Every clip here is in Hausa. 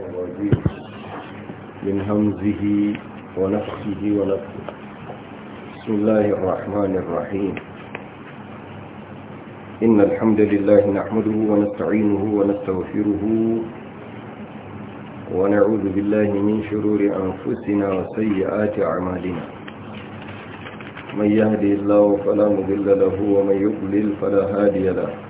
الشيطان الرجيم من همزه ونفخه ونفخه بسم الله الرحمن الرحيم إن الحمد لله نحمده ونستعينه ونستغفره ونعوذ بالله من شرور أنفسنا وسيئات أعمالنا من يهدي الله فلا مضل له ومن يضلل فلا هادي له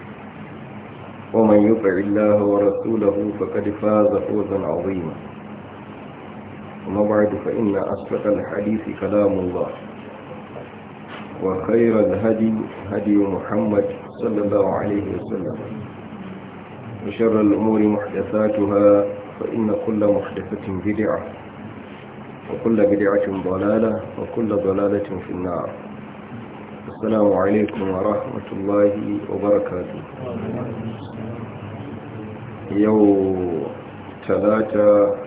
ومن يطع الله ورسوله فقد فاز فوزا عظيما وما بعد فإن أصدق الحديث كلام الله وخير الهدي هدي محمد صلى الله عليه وسلم وشر الأمور محدثاتها فإن كل محدثة بدعة وكل بدعة ضلالة وكل ضلالة في النار السلام عليكم ورحمة الله وبركاته yau talata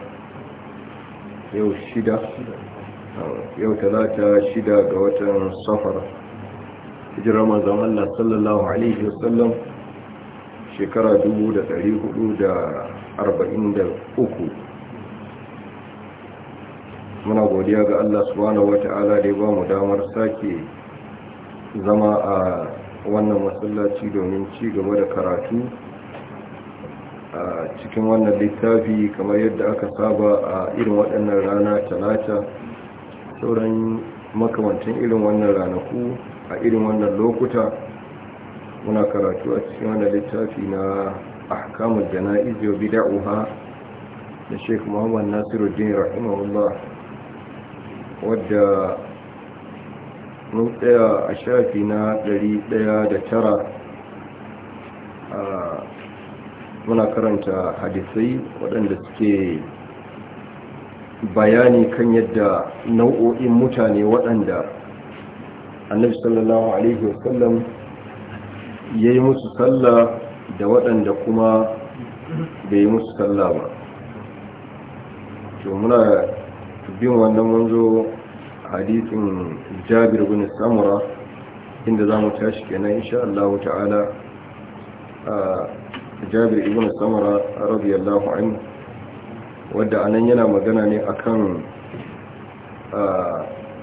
yau shida yau talata shida ga watan safar hijira manzan Allah sallallahu alaihi wasallam shekara uku. muna godiya ga Allah subhanahu wata'ala da ya ba mu damar sake zama a wannan masallaci domin ci gaba da karatu a cikin wannan littafi kamar yadda aka saba a irin waɗannan rana talata sauran makamancin irin wannan ranaku a irin wannan lokuta muna karatu a cikin wannan littafi na ahkamul jana'iz wa bid'aha da Sheikh Muhammad Nasiruddin rahimahullah wadda mun tsaya a shafi na tara. muna karanta hadisai waɗanda suke bayani kan yadda nau'o'in mutane waɗanda annabi sallallahu alaihi wasallam ya yi musu sallah da waɗanda kuma bai yi musu sallah ba to muna bin wannan wanzo hadisin jabir bin samura inda za mu tashi kenan insha Allah ta'ala ah, jabir ibn samara radiyallahu anhu wadda anan yana magana ne akan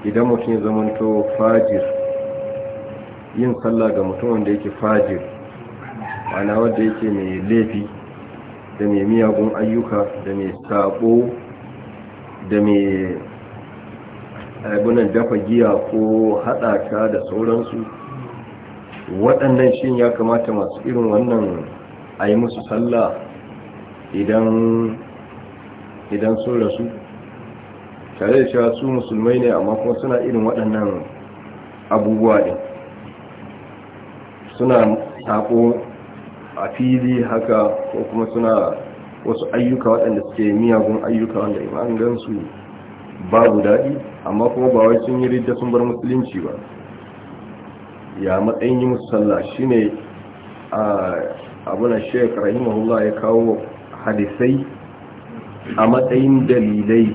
idan mutum ya zamanto fajir yin sallah ga mutum wanda yake fajir ana wadda yake mai laifi da mai miyagun ayyuka da mai sabo da mai abunan dafa giya ko haɗaka da sauransu waɗannan shi ya kamata masu irin wannan a yi musu sallah idan sun rasu tare da cewa su musulmai ne amma kuma suna irin waɗannan abubuwa ne suna sako a fili haka ko kuma suna wasu ayyuka waɗanda suke miyagun ayyuka wanda imanin gansu babu daɗi amma kuma ba wai sun yi ridda sun bar musulunci ba ya matsayin yi musu sallah shine a ah, abuna sheik rahimahullah ya kawo hadisai a matsayin dalilai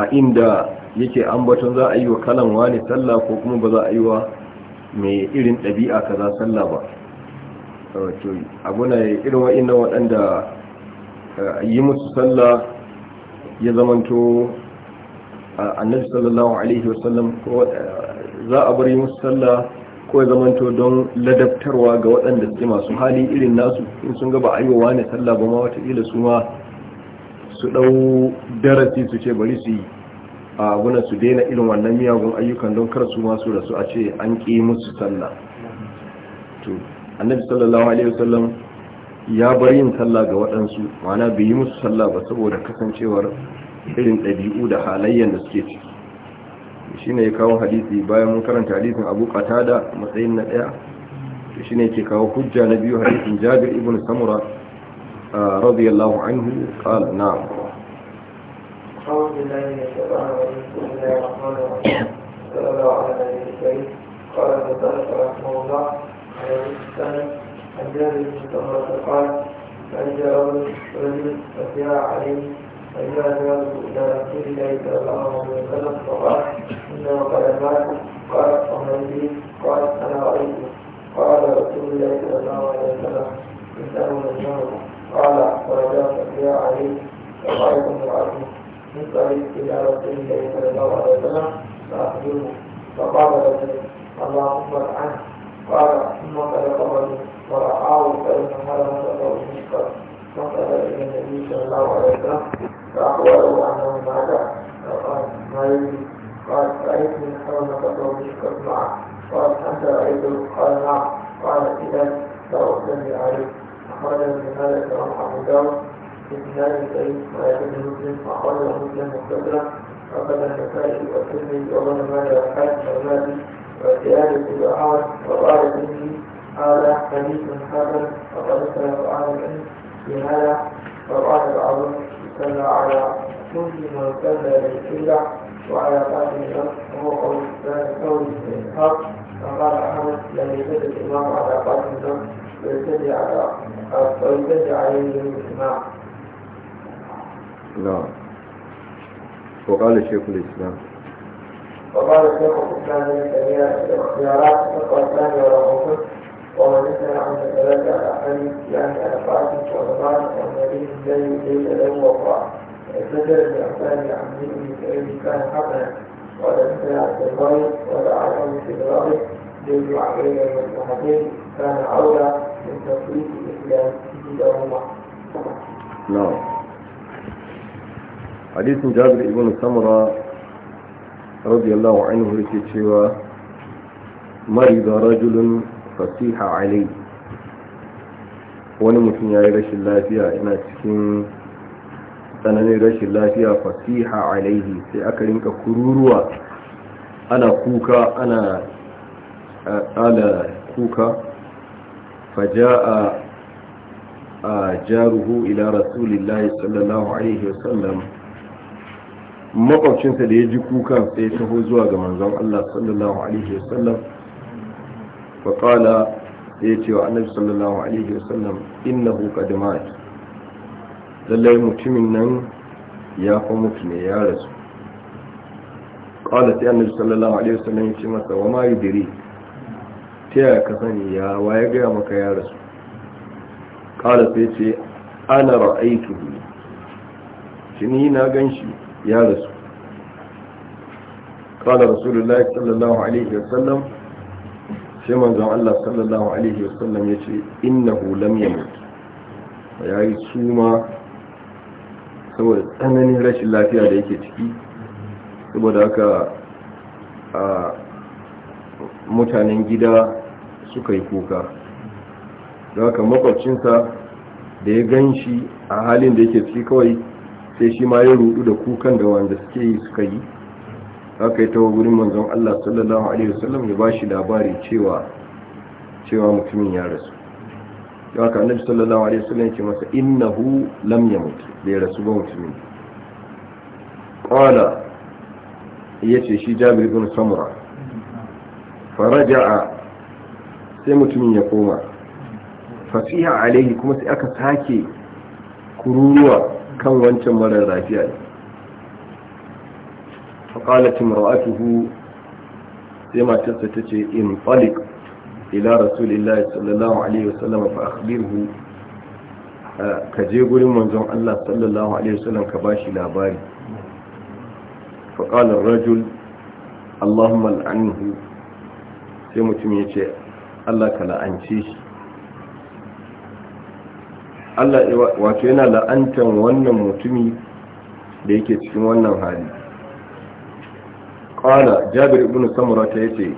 a inda yake ambaton za a yi wa kalan wani sallah ko kuma ba za a yi wa mai irin ɗabi'a kaza sallah ba abuna irin wa'in waɗanda eh, yi musu sallah ya zamanto eh, annabi sallallahu alaihi wasallam eh, za a bari musu sallah ko ya zamanto don ladabtarwa ga waɗanda suke masu hali irin nasu in sun gaba ayowa ne sallah ba ma wataƙila su ma su ɗau darasi su ce bari su yi a guna su daina irin wannan miyagun ayyukan don kar su masu rasu a ce an ƙi musu sallah to annabi sallallahu alaihi wasallam ya bar yin sallah ga waɗansu ma'ana bai yi musu sallah ba saboda kasancewar irin ɗabi'u da halayyar da suke ci. shine ya kawo hadisi bayan mun karanta hadisin Abu Qatada matsayin na daya shine yake kawo hujja na biyu hadisin Jabir ibn Samura radiyallahu anhu qala na'am أعوذ قال رجل رجل فجاء عليه فإيمان إلى رسول الله صلى الله عليه وسلم فقال إنه قد مات قال فهل قال أنا رأيته قال رسول الله صلى الله عليه وسلم إنسان مجنون قال فرجع فقيا عليه فقالت امرأته نسأل إلى رسول الله صلى الله عليه وسلم فأخبره فقال رجل اللهم عنه قال ثم تلقبني ورآه فإن هذا مسألة مشكلة فقال إلى النبي صلى الله عليه وسلم فأخبره أنه مات فقال ما يدري قال رأيت من حول قطر يشكر معه قال أنت رأيته قال نعم قال إذا لا أسلم عليك أخرجه من هذا كلام أبو داود في كتاب الكريم ويكتب مسلم مسلم مستدرك وقد النسائي والترمذي وابن ماجه والحاكم والمازي والزيادة بن وقال به هذا حديث حسن وقد اختلف أهل العلم في هذا صلى على كل من صلى للقبلة وعلى قاتل النفس وهو قول قول الحق فقال أحمد لم يزد الإمام على قاتل النفس ويسد على ويسد عليه الإمام. نعم. وقال شيخ الإسلام وقال شيخ الإسلام ابن تيمية الاختيارات الفتوى الثانية والعقود ومن يسمع عن ثلاثة أحاديث يعني أربعة وأربعة وأربعين زي ليس له وقع الفجر كان حسنا ولا مثل عبد الله ولا عمل في الغرب جيد عقيل المصلحتين كان أولى من تطبيق الإسلام لهما. نعم. حديث جابر بن سمرة رضي الله عنه يكتشف مرض رجل fasiha alai wani mutum ya yi rashin lafiya yana cikin tsananin rashin lafiya fasiha alaihi sai aka rinka kururuwa ana kuka ana ala kuka faja a jaruhu ila rasulillahi sallallahu alaihi wasallam makwacinsa da ya ji kukan sai taho zuwa ga manzon Allah sallallahu alaihi wasallam faƙala ya ce wa sallallahu alaihi wasallam innahu qad mat lallai mutumin nan ya fa mutu ne ya rasu ƙala sai sallallahu alaihi wasallam ya ce masa wa ma yudiri ta yaya ka sani ya waye gaya maka ya rasu ce ana na ganshi ya rasu قال رسول الله صلى الله عليه وسلم sai manzon Allah sallallahu alaihi wasallam ya ce innahu lam yamut ya yi suma saboda tsananin rashin lafiya da yake ciki saboda haka a mutanen gida suka yi kuka da haka makwabcinsa da ya gan shi a halin da yake ciki kawai sai shi ma ya rudu da kukan da wanda suke yi suka yi aka yi tawo wurin manzon Allah sallallahu alaihi wasallam ya bashi labari cewa cewa mutumin ya rasu ya ka annabi sallallahu alaihi wasallam ya ce masa innahu lam yamut ya rasu ba mutumin qala ce shi Jabir ibn Samura faraja'a sai mutumin ya koma fasiha alaihi kuma sai aka sake kururuwa kan wancan marar lafiya ne فقالت امرأته لما تستتشي انطلق إلى رسول الله صلى الله عليه وسلم فأخبره كجي قولي منزون الله صلى الله عليه وسلم كباشي لاباري فقال الرجل اللهم لعنه سيمتم يتشي الله كلعنتيش Allah wato yana la'antan wannan mutumi da yake cikin wannan hali qala jabir ibn samura ta yace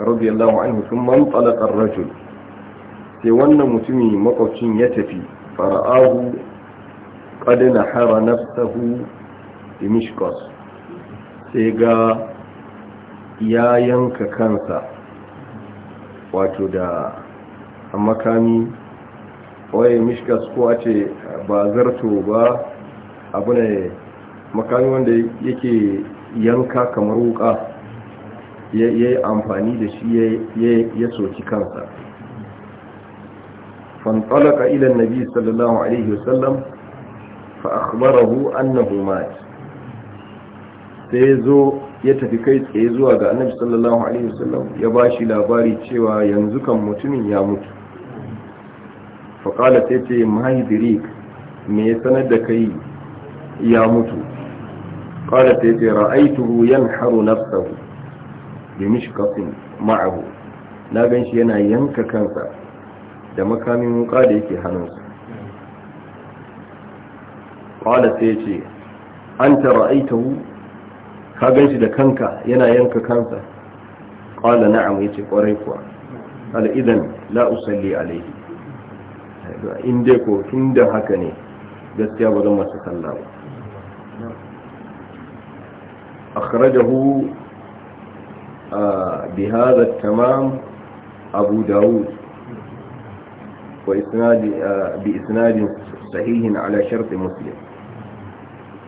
radiyallahu anhu thumma talaqa ar-rajul sai wannan mutumin makwabcin ya tafi fara'ahu qad nahara nafsahu dimishkos sai ga ya yanka kansa wato da makami waye mishkas ko a ba zarto ba abu ne makami wanda yake yanka kamar wuƙa ya yi amfani da shi ya soci kansa fantalaka ilan nabi sallallahu alaihi annahu mat zo ya tafi kai tsaye zuwa ga annabi sallallahu alaihi wasallam ya bashi labari cewa yanzu kan mutumin ya mutu fa qala ce mahidrik me sanar da kai ya mutu qala ta yace ra'aituhu yanharu nafsahu bi mishqatin ma'ahu na gan yana yanka kansa da makamin wuka da yake hannunsa qala ta yace anta ra'aitahu ka gan da kanka yana yanka kansa qala na'am yace kwarai kuwa qala idan la usalli alayhi in dai ko tun da haka ne gaskiya ba zan masa sallah ba أخرجه بهذا التمام أبو داود وإسناد بإسناد صحيح على شرط مسلم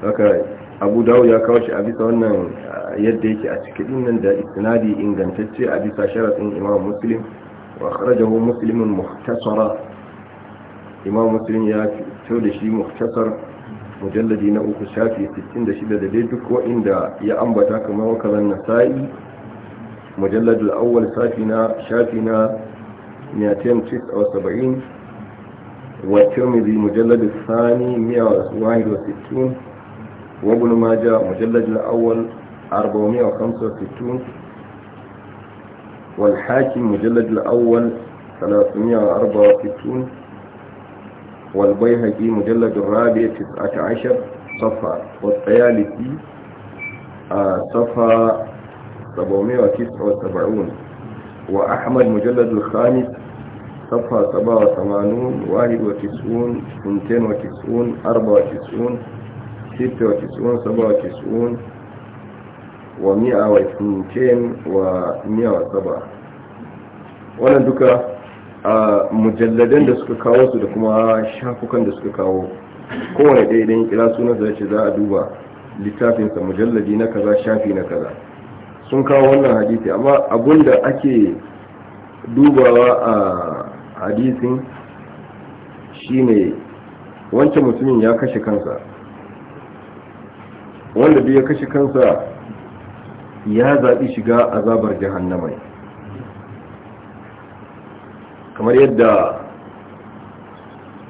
haka abu dawo ya kawo a bisa wannan yadda yake a cikin nan da isnadi ingantacce a bisa sharaɗin imam muslim wa kharajahu muslimun muhtasara imam muslim ya fito da shi muhtasar mujalladi na uku shafi 66 da dai duk wa'inda ya ambata kamar wakalan nasa'i mujalladi al'awwal shafi na shafi na 279 wa tirmidhi mujalladi thani 161 wa ibn majah mujalladi al'awwal 465 والحاكم مجلد الأول 364 والبيهقي مجلد الرابع تسعة عشر صفحة والطيالسي آه، صفحة وسبعون وأحمد مجلد الخامس صفحة أربعة وتسعون ستة وتسعون سبعة وتسعون ومئة واثنتين ومئة وسبعة ولا دكرة a mujalladan da suka kawo su da kuma shafukan da suka kawo kowane ɗaya idan kira sunan sa ce za a duba littafinsa mujalladi na kaza shafi na kaza sun kawo wannan hadisi amma abun da ake dubawa a hadisin shine wancan mutumin ya kashe kansa wanda duk ya kashe kansa ya zaɓi shiga azabar jahannamai kamar yadda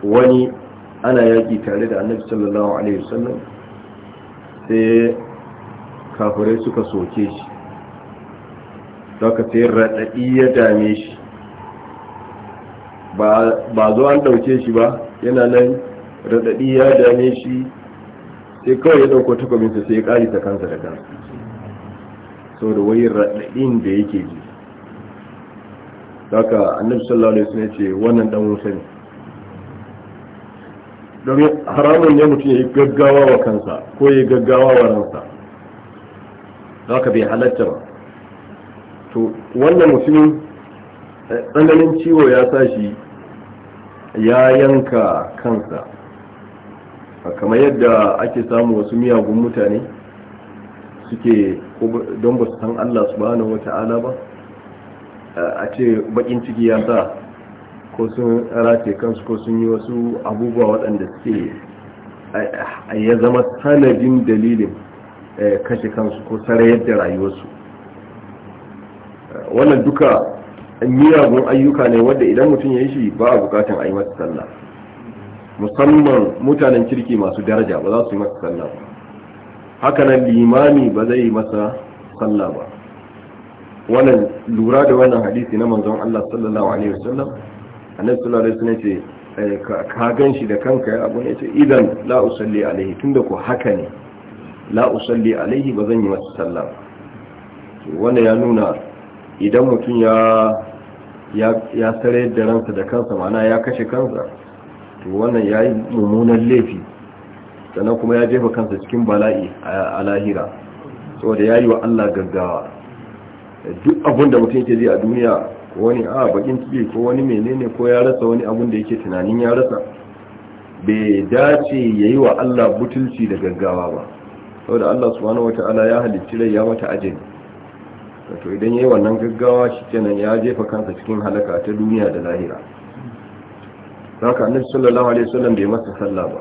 wani ana yaƙi tare da annabi sallallahu alaihi wasallam sai kafirai suka soke shi daga sai raɗaɗi ya dame shi ba zo an ɗauke shi ba yana nan raɗaɗi ya dame shi sai kawai ya ɗauko takwaminsa sai ya ƙari ta kansa da kansa saboda wai raɗaɗin da yake ji haka annabi sallallahu alaihi wasallam ce wannan dan wusa ne haramun ne mutum ya yi gaggawa wa kansa ko ya yi gaggawa wa ransa haka bai halatta ba to wannan mutumin eh, tsananin ciwo ya sa ya yanka kansa kamar yadda ake samu wasu miyagun mutane suke don ba su san Allah subhanahu ta'ala ba a ce bakin ciki ya sa ko sun race kansu ko sun yi wasu abubuwa waɗanda suke ya zama sanadin dalilin eh, kashe kansu ko sarayar da rayuwarsu wannan duka miyagun ayyuka ne wadda idan mutum ya yi shi ba a bukatan a yi masa sallah musamman mutanen kirki masu daraja ba za su yi masa sallah ba hakanan limami ba zai yi masa sallah ba wannan lura da wannan hadisi na manzon Allah sallallahu alaihi wasallam annabi sallallahu alaihi wasallam ce eh, ka gan shi da kanka ya abu ne ce idan la usalli alaihi tunda ko haka ne la usalli alaihi ba zan yi masa sallah wannan ya nuna idan mutum ya ya tare da ransa da kansa mana ya kashe kansa to wannan ya yi mummunan laifi sannan kuma ya jefa kansa cikin bala'i a lahira saboda ya yi wa Allah gaggawa duk abun da mutum yake ji a duniya wani a ah, bakin ciki ko wani menene ko ya rasa wani abun da yake tunanin ya rasa bai dace ya yi wa Allah butulci da gaggawa ba saboda Allah subhanahu ya halicci rai ya mata ajin wato idan ya yi wannan gaggawa shi kenan ya jefa kansa cikin halaka ta duniya da lahira saka annabi sallallahu alaihi wasallam bai masa sallah ba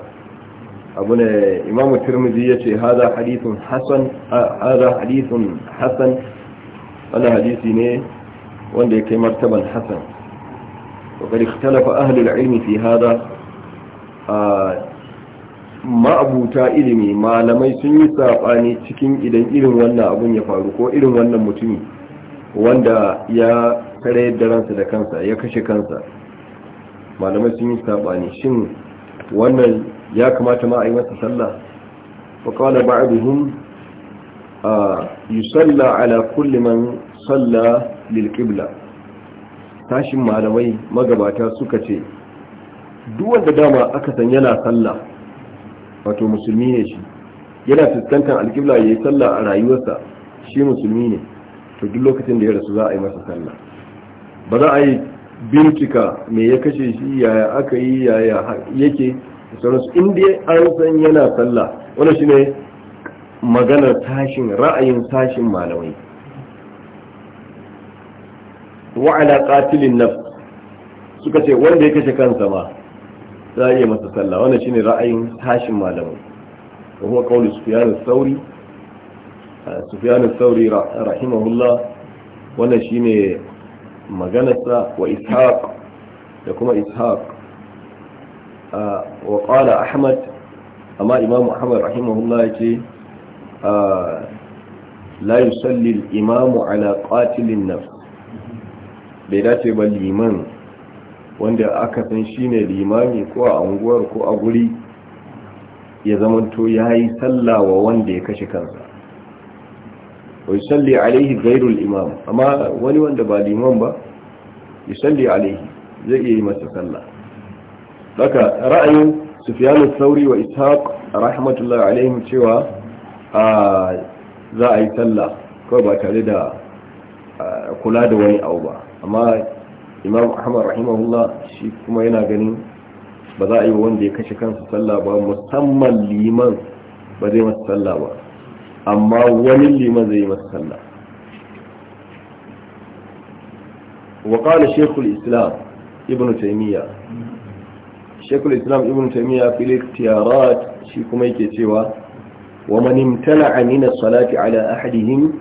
abu ne imamu tirmidhi yace hadha hadithun hasan hadha hadithun hasan wannan hadisi ne wanda ya kai martaban Hassan. وقد اختلف أهل العلم في هذا ما أبو ilimi malamai sun yi saɓani cikin idan irin wannan abun ya faru ko irin wannan mutumi wanda ya kare da ransa da kansa ya kashe kansa malamai sun yi saɓani shin wannan ya kamata ma a yi masa sallah wa kawai ba'aduhum yusalla ala kulli man salla lil qibla tashin malamai magabata suka ce duk wanda dama aka san yana sallah wato musulmi ne shi yana fuskantar alkibla ya yi sallah a rayuwarsa shi musulmi ne to duk lokacin da ya rasu za a yi masa salla ba za a yi bintika me ya kashe shi yaya aka yi yaya yake da sauransu an san yana sallah wannan shine maganar tashin ra'ayin tashin malamai wa ala qatilin nafs suka ce wanda ya kashe kansa ma za a iya masa sallah wannan shine ra'ayin tashin malamai wa huwa qawlu sufyan sauri sufyan sauri rahimahullah wannan shine maganarsa wa ishaq da kuma ishaq wa qala ahmad amma imam ahmad rahimahullah yace la yusalli al-imamu ala qatilin nafs bai dace ba liman wanda aka san shine limami ko a unguwar ko a guri ya zamanto yayi sallah wa wanda ya kashe kansa wa yusalli alaihi ghayrul imam amma wani wanda ba liman ba yusalli alaihi zai iya yi masa sallah haka ra'ayin sufyan sauri thawri wa ishaq rahmatullahi alaihim cewa za a yi sallah kawai ba tare da kula da wani abu ba amma imam ahmad rahimahullah shi kuma yana ganin ba za a yi wanda ya kashe kansa sallah ba musamman liman ba zai masa sallah ba amma wani liman zai yi masa sallah وقال شيخ الإسلام ابن تيمية شيخ الإسلام ابن تيمية في الاختيارات شيخ ميكي سوى ومن امتنع من الصلاة على أحدهم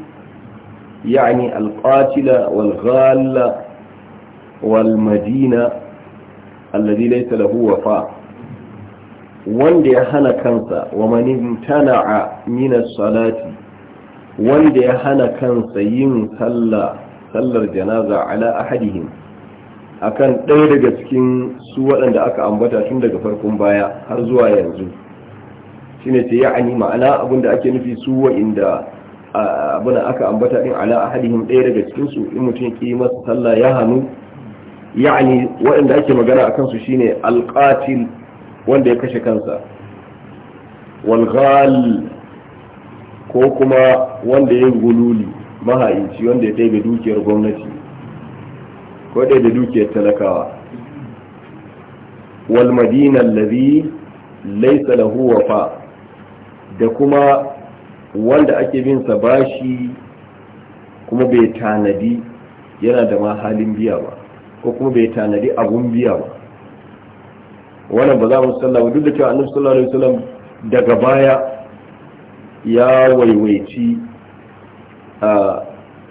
wanda ya hana kansa wa manin wanda ya hana kansa yin sallar janaza ala ahadihim akan ɗaya daga cikin su waɗanda aka ambata tun daga farkon baya har zuwa yanzu shine ce ya'ani ma'ana abinda ake nufi su wa'inda abuna aka ambata din ala ahadihim ɗaya daga cikin su in mutum kima masa sallah ya hanu ya'ani wa'inda ake magana akan su shine alqatil wanda ya kashe kansa wal ghal ko kuma wanda ya gululi mahaici wanda ya ɗaya dukiyar gwamnati ko ɗaya da dukiyar talakawa wal madina allazi laysa lahu wafa' da kuma wanda ake bin sa bashi kuma bai tanadi yana da ma halin biya ba ko kuma bai tanadi abun biya ba wannan ba za mu sallama duk da cewa annabi sallallahu alaihi wasallam daga baya ya waiwaici a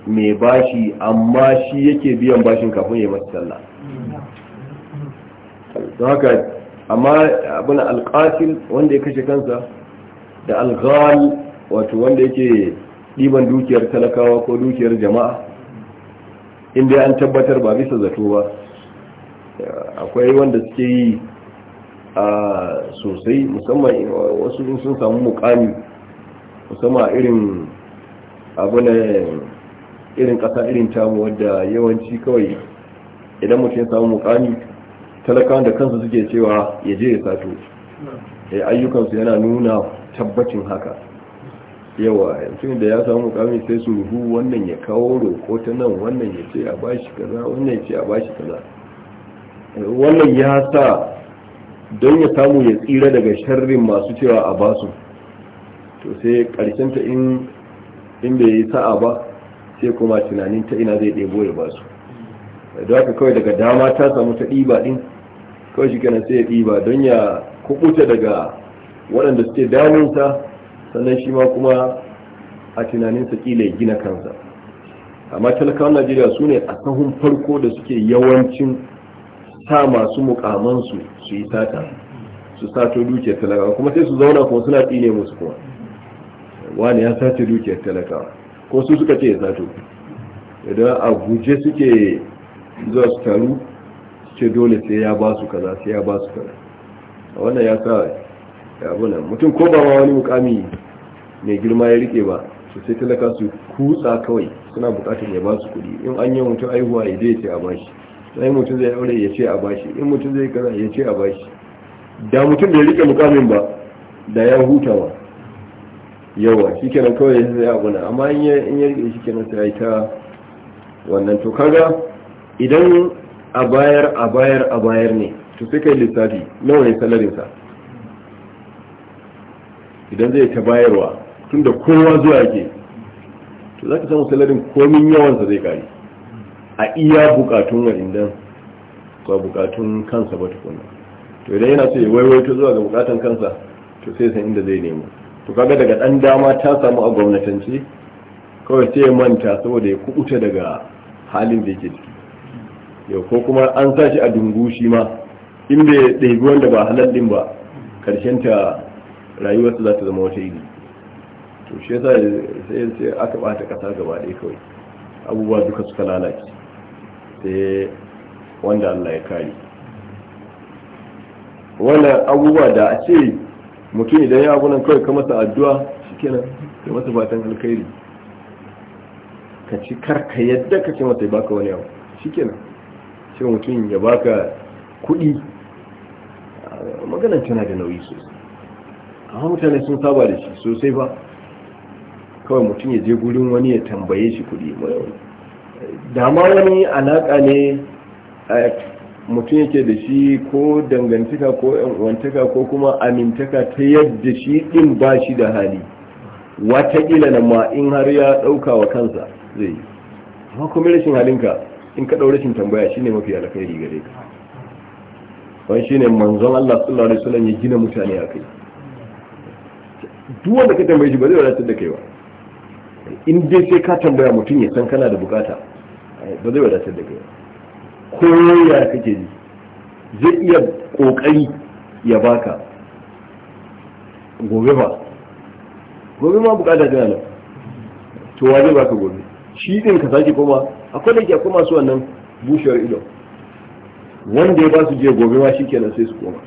mai bashi amma shi yake biyan bashin kafin ya masa sallah don haka amma abin alƙatil wanda ya kashe kansa da alghal wato wanda yake ɗiban dukiyar talakawa ko dukiyar jama'a inda an tabbatar ba bisa zato ba akwai wanda suke yi a sosai musamman wasu sun samu mukami musamman irin abu na irin ƙasa irin tamu wadda yawanci kawai idan mutum ya samu mukami talakawan da kansu suke cewa ya je ya sato eh, ayyukansu yana nuna tabbacin haka yawa yanzu da ya samu mukami sai su ruhu wannan ya kawo roko ta nan wannan ya ce a bashi kaza wannan ya ce a bashi kaza wannan ya sa don ya samu ya tsira daga sharrin masu cewa a basu to sai karshen ta in in ya yi sa'a ba sai kuma tunanin ta ina zai ɗebo ya basu da haka kawai daga dama ta samu ta ɗiba ɗin kawai shi kana sai ya ɗiba don ya kuɓuta daga waɗanda suke damunsa sannan shi ma kuma a tunaninsa kila ya gina kansa amma talakawan najeriya su ne a sahun farko da suke yawancin sa masu mukamansu su yi sata su sato dukiyar talakawa kuma sai su zauna kuma suna tsine musu kuma wani ya sace dukiyar talakawa ko su suka ce ya sato idan a guje suke zuwa su taru ce dole sai ya ba su kaza sai ya ba su kaza wannan ya sa abunan mutum ko ba wani mukami mai girma ya rike ba su sai talaka su kutsa kawai suna bukatar ya ba su kudi in an yi mutum aihuwa ya zai ce a bashi sai mutum zai aure ya ce a bashi in mutum zai kaza ya ce a bashi da mutum ya rike mukamin ba da ya ba yawa shi kenan kawai ya zai abunan amma in ya rike shi kenan sai ta wannan to kaga idan a bayar a bayar a bayar ne to sai kai lissafi nawa ne salarinsa idan zai ta bayarwa tunda kowa zuwa yake to za ka samu salarin komin yawansa zai kare a iya bukatun wa'indan ba bukatun kansa ba tukuna to idan yana so ya waiwaito zuwa ga bukatan kansa to sai san inda zai nemo to kaga daga dan dama ta samu a gwamnatance kawai sai ya manta saboda ya kubuta daga halin da yake ciki yau ko kuma an sa shi a dungu shi ma inda ya ɗaibi wanda ba halal ɗin ba karshen ta rayuwarsu za ta zama wata iri to shi yasa sai sai aka ɓata ƙasa gaba ɗaya kawai abubuwa duka suka lalace sai wanda Allah ya kari wannan abubuwa da a ce mutum idan ya abunan kawai ka masa addu'a shikenan ka masa fatan alkhairi ka ci karka yadda ka ce masa ya baka wani abu shikenan sai mutum ya baka kuɗi maganan tana da nauyi sosai amma mutane sun saba da shi sosai ba kawai mutum ya je gurin wani ya tambaye shi kuɗi dama wani alaƙa ne eh, mutum yake da shi ko dangantaka ko wantaka ko kuma amintaka ta yadda shi ɗin ba shi da hali watakila na ma in har ya ɗauka wa kansa zai yi amma kuma rashin halinka in ka ɗau rashin tambaya shine mafi alkhairi gare ka wani shine manzon Allah sallallahu alaihi wasallam ya gina mutane a kai duk wanda ka tambaye shi ba zai wadatar da kai ba in dai sai ka tambaya mutum ya san kana da bukata eh, ba zai wadatar da kai ba ko ya kake ji zai iya kokari ya baka gobe ba gobe ma bukata tana nan to wa zai baka gobe shi din ka sake koma akwai da ke akwai masu wannan bushewar ido wanda ya ba su je gobe ma shi kenan sai su koma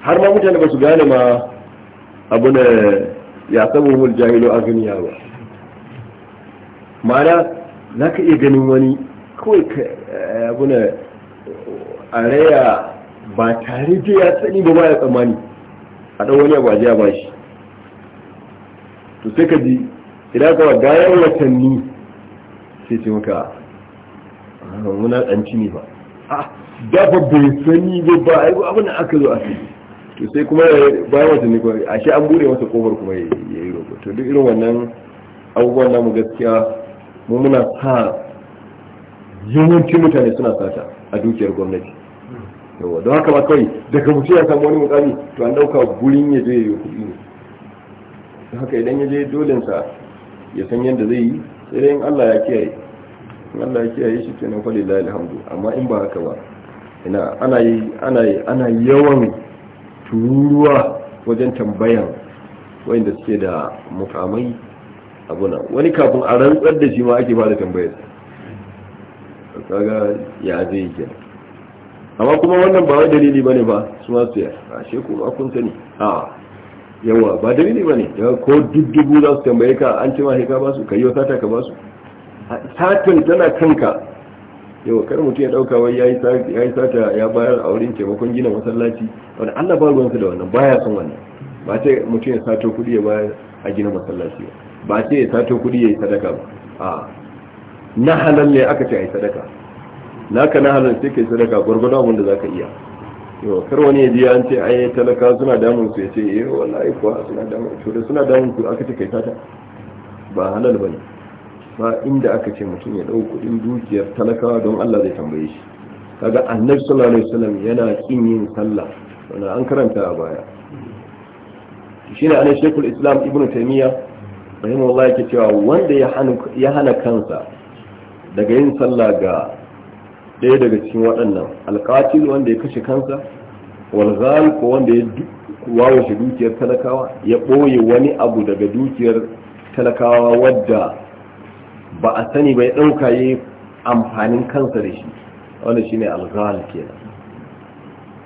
har ma mutane ba su gane ma ne eh, ya sabu mul jahilu agniya ba ma'ana za ka iya ganin wani kawai eh, abuna eh, a raya ba tare da ya sani ba ba ya tsammani a ɗan wani abu a ba shi to sai ka ji idan ka bayan watanni sai ce maka muna ah, ɗanci ne ba a dafa bai sani ba ba abin da aka zo a sani to sai kuma bayan watanni kuma ashe an bude masa kofar kuma ya yi roƙo to duk irin wannan abubuwan namu gaskiya mu muna sa yawanci mutane suna sata a dukiyar gwamnati yawa don haka ba kawai daga mutum ya samu wani mukami to an dauka gurin ya je ya yi kuɗi ne don haka idan ya je dolensa ya san yadda zai yi sai dai Allah ya kiyaye in Allah ya kiyaye shi kenan fa lillahi alhamdu amma in ba haka ba ina ana yawan tururuwa wajen tambayan wanda suke da mukamai abuna wani kafin a rantsar da shi ma ake fara tambayar kaga ya zai yi kenan amma kuma wannan ba wai dalili ba ne ba su ma su a ashe kuma kun sani a yawa ba dalili ne? daga ko dubu za su tambaye ka an cima ma ka ba su yi yau sata ka ba su satin tana kanka yau kar mutum ya dauka wai yayi yayi sata ya bayar a wurin taimakon gina masallaci wanda Allah ba ruwan da wannan baya son wannan ba ce mutum ya sato kudi ya bayar a gina masallaci ba ce ya sato kudi ya yi sadaka ba a na halal ne aka ce ai sadaka naka na halal sai kai sadaka gurgurdan abin da zaka iya yau kar wani ya ji an ce ai talaka suna damun su ya ce eh wallahi kuwa suna damun su suna damun su aka ce kai sata ba halal bane ba inda aka ce mutum ya ɗau kuɗin dukiyar talakawa don Allah zai tambaye shi kaga annabi sallallahu alaihi wasallam yana kin yin sallah wannan an karanta a baya shine annabi shekul islam ibnu taymiya rahimahullah yake cewa wanda ya hana kansa daga yin sallah ga daya daga cikin waɗannan alqatil wanda ya kashe kansa walzal ko wanda ya shi dukiyar talakawa ya ɓoye wani abu daga dukiyar talakawa wadda ba a sani bai ɗauka yi amfanin kansa da shi wanda shine alghal kenan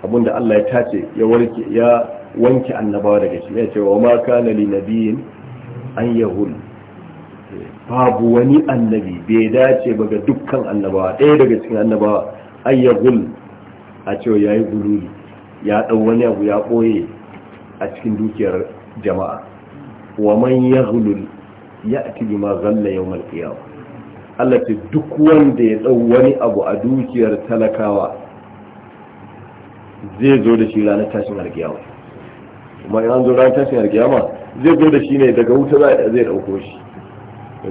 abinda Allah ya tace ya ya wanke annabawa daga shi ya ce wa ma kana li nabiyin an yahul babu wani annabi bai dace ba ga dukkan annabawa ɗaya daga cikin annabawa an yahul a cewa ya yi gululi ya ɗau wani abu ya ɓoye a cikin dukiyar jama'a wa man yahulul Ya bi ma zalla yau malkiyawa Allah ce duk wanda ya dau wani abu a dukiyar talakawa zai zo da shi ranar tashin alkiyama kuma in zo ranar tashin alkiyama zai zo da shi ne daga wuta zai ɗauko shi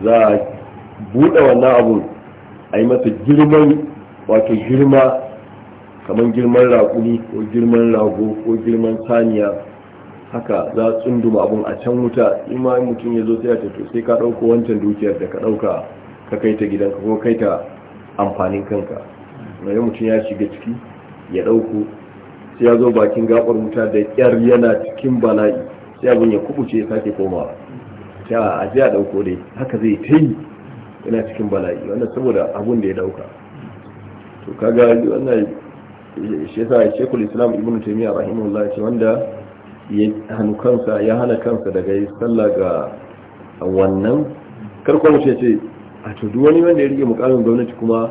za a buɗe wannan abu a yi masa girman wato girma kamar girman raƙuni ko girman rago ko girman saniya haka za su tsunduma abun a can wuta ima mutum ya zo sai ya to sai ka ɗauko wancan dukiyar da ka ɗauka ka kai ta gidanka ko kai ta amfanin kanka mai mutum ya shiga ciki ya ɗauko sai ya zo bakin gaɓar wuta da ƙyar yana cikin bala'i sai abin ya kubuce ya sake koma sai a ji a ɗauko dai haka zai ta yi yana cikin bala'i wanda saboda abun da ya ɗauka to kaga wannan shi yasa shekul islam ibnu taymiya rahimahullah ce wanda ya kansa ya hana kansa daga yi sallah ga wannan karkon shi ce a cudu wani wanda ya rike mukamin gwamnati kuma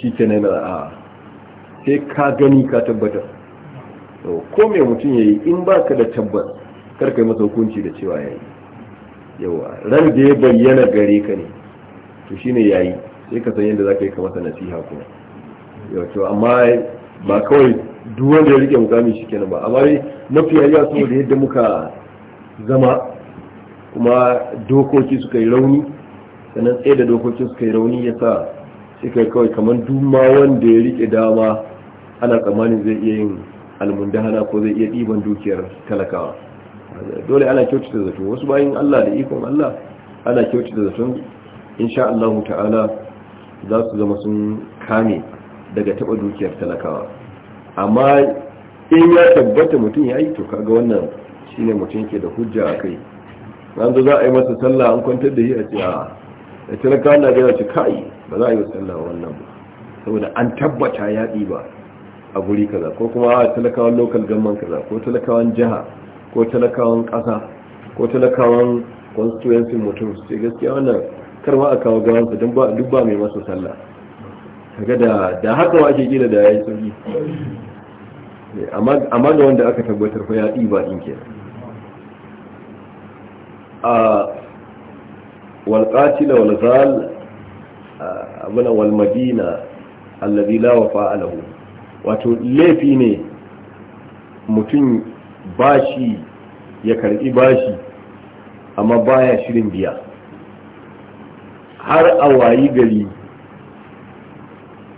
shi ke na a sai ka gani ka tabbatar ko mai mutum ya yi in ba ka da tabbat karka yi masa hukunci da cewa ya yi yawa ran da ya bayyana gare ka ne to shine ya yi sai ka san yadda za ka yi ka nasiha kuma yawa amma ba kawai duk wanda ya rike mukami shi kenan ba amma mafi yawa saboda yadda muka zama kuma dokoki suka yi rauni sannan tsaye da dokoki suka yi rauni ya sa suka kawai kamar duma wanda ya rike dama ana tsammanin zai iya yin almundahana ko zai iya ɗiban dukiyar talakawa dole ana kyautata zato wasu bayan allah da ikon allah ana kyautata zaton insha allahu ta'ala za su zama sun kame daga taɓa dukiyar talakawa amma in ya tabbata mutum ya yi to kaga wannan shine mutum ke da hujja a kai nan zo za a yi masa sallah an kwantar da shi a ce ah, da talakawa na gaya ce kai ba za a yi wa sallah wannan ba saboda an tabbata ya ba a guri kaza ko kuma a ah, talakawan lokal gamman kaza ko talakawan jiha ko talakawan ƙasa ko talakawan constituency mutum sai gaskiya wannan karma a kawo gawansa don ba duk ba mai masa sallah kaga da da haka wa ake kira da yayi sauki amma amma da wanda aka tabbatar fa ya ba din kenan a wal qatil wal zal abuna wal madina alladhi la wafa lahu wato laifi ne mutum bashi ya karbi bashi amma baya shirin biya har a wayi gari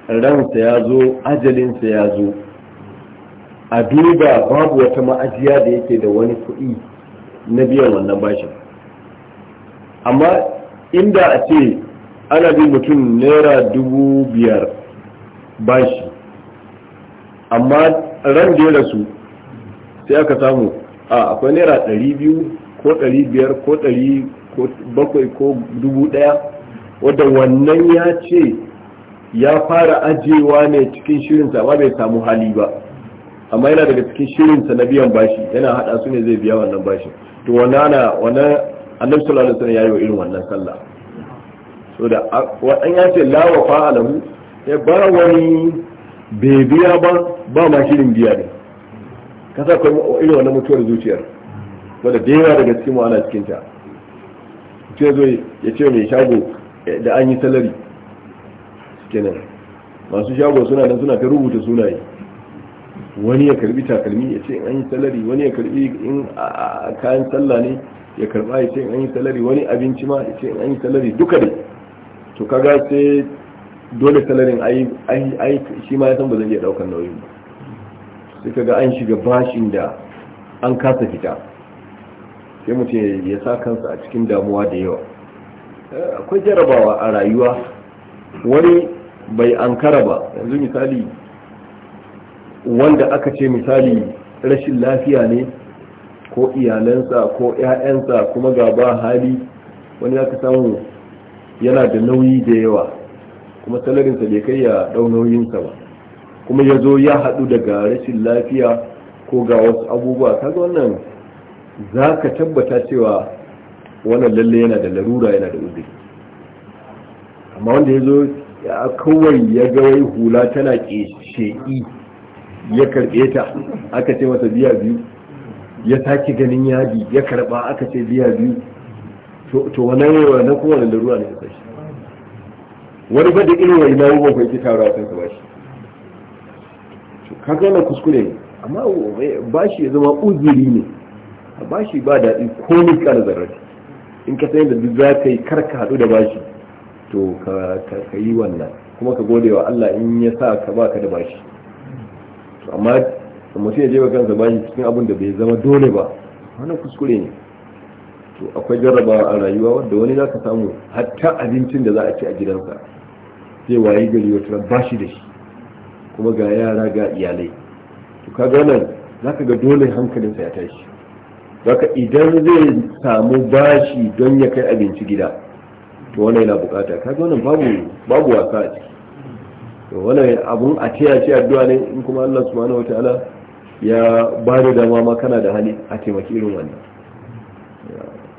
ransa ya zo ajalinsa ya zo a duba babu wata ma'ajiya da yake da wani kuɗi na biyan wannan bashin amma inda a ce ana bin mutum naira dubu biyar bashi amma ran da ya rasu sai aka samu a akwai naira ɗari biyu ko ɗari biyar ko ɗari bakwai ko dubu ɗaya wadda wannan ya ce ya fara ajewa ne cikin shirinsa amma bai samu hali ba amma yana daga cikin shirinsa na biyan bashi yana hada su ne zai biya wannan bashi to wannan wannan annabi sallallahu alaihi wasallam yayi wa irin wannan sallah so da wadan ya ce la wa fa, alahu ya ba wani bai biya ba ba ma shirin biya ne kasa kai irin wannan mutuwar zuciyar wanda da yawa daga cikin mu ana cikin ta ce zo ya ce mai shago da an yi salari kenan masu shago suna nan suna ta rubuta sunaye wani ya karbi takalmi ya ce an yi salari wani ya karbi in kayan sallah ne ya karba ya ce an yi salari wani abinci ma ya ce an yi salari duka dai to kaga sai dole salarin ai shi ma ya san ba zai iya daukar nauyi ba sai kaga an shiga bashin da an kasa fita sai mutum ya sa kansa a cikin damuwa da yawa eh, akwai jarabawa a rayuwa wani bai ankara ba yanzu misali wanda aka ce misali rashin lafiya ne ko iyalansa ko 'ya'yansa kuma ga ba hali wani aka samu yana da nauyi da yawa kuma salarinsa bai kai ya ɗau nauyinsa ba kuma ya zo ya haɗu daga rashin lafiya ko ga wasu abubuwa kaga wannan za ka tabbata cewa wannan lalle yana da larura yana da uzuri amma wanda ya zo kawai ya ga wai hula tana sheƙi ya karɓe ta aka ce masa biya biyu ya sake ganin yadi ya karɓa aka ce biya biyu to wani yawa na kowane da ruwa ne ya sashi wani ba da irin wani nawo ban kwanci tara kan ka bashi kaga na kuskure ne amma bashi ya zama uzuri ne bashi ba daɗi ko ni ƙara zarar in ka san da duk za ka yi karka haɗu da bashi to ka yi wannan kuma ka gode wa Allah in ya sa ka ba ka da bashi amma mutum ya jefa kansa bashi cikin abin da bai zama dole ba wannan kuskure ne to akwai jarrabawa a rayuwa wanda wani za ka samu hatta abincin da za a ci a gidansa sai waye gari wata bashi da shi kuma ga yara ga iyalai to kaga wannan zaka ga dole hankalinsa ya tashi zaka idan zai samu bashi don ya kai abinci gida to wannan yana bukata kaga wannan babu babu wasa a ciki to wannan abun a tiya shi addu'a ne in kuma Allah subhanahu wataala ya ba da dama ma kana da hali a taimaki irin wannan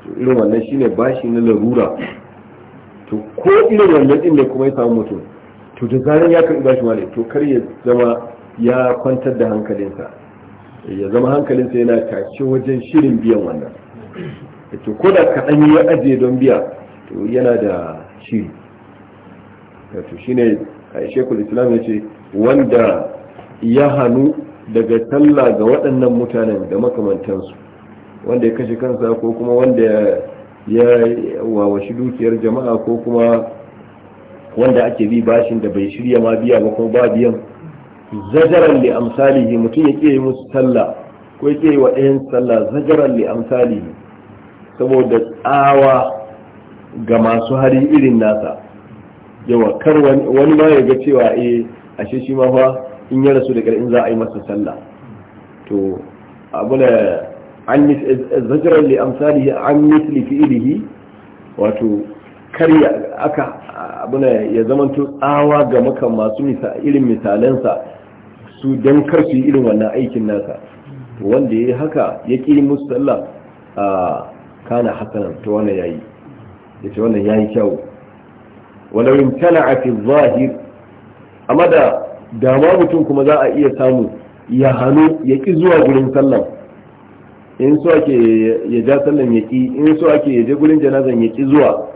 to irin wannan shine bashi na larura to ko irin wannan din ne kuma ya samu mutum to da zaran ya karɓi bashi wani to kar ya zama ya kwantar da hankalinsa ya zama hankalinsa yana tashe wajen shirin biyan wannan to ko da kaɗan ya ajiye don biya to yana da shiri to shine shekul islam ya ce wanda ya hannu daga talla ga waɗannan mutanen da makamantansu wanda ya kashe kansa ko kuma wanda ya wawashi dukiyar jama'a ko kuma wanda ake bi bashin da bai shirya ma biya ba kuma ba biyan zajaran li amsalihi mutum ya ke musu talla, ko ya ke wa ɗayan sallah zajaran li amsalihi saboda tsawa ga masu hari irin nasa yawa kar wani ma ya ga cewa eh ashe shi ma fa in ya rasu da in za a yi masa sallah to abuna an yi zajiran li amsalihi an fi ilihi wato kar ya aka abuna ya zamanto tsawa ga makan masu irin misalansa su don kar su yi irin wannan aikin nasa wanda ya haka ya ƙi musu sallah ah, kana hasanan ta wani yayi yace wannan yayi kyau walau imtana'a fi zahir amma da dama mutum kuma za a iya samu ya hano ya ki zuwa gurin sallan in so ake ya ja sallan ya ki in so ake ya je gurin janazan ya ki zuwa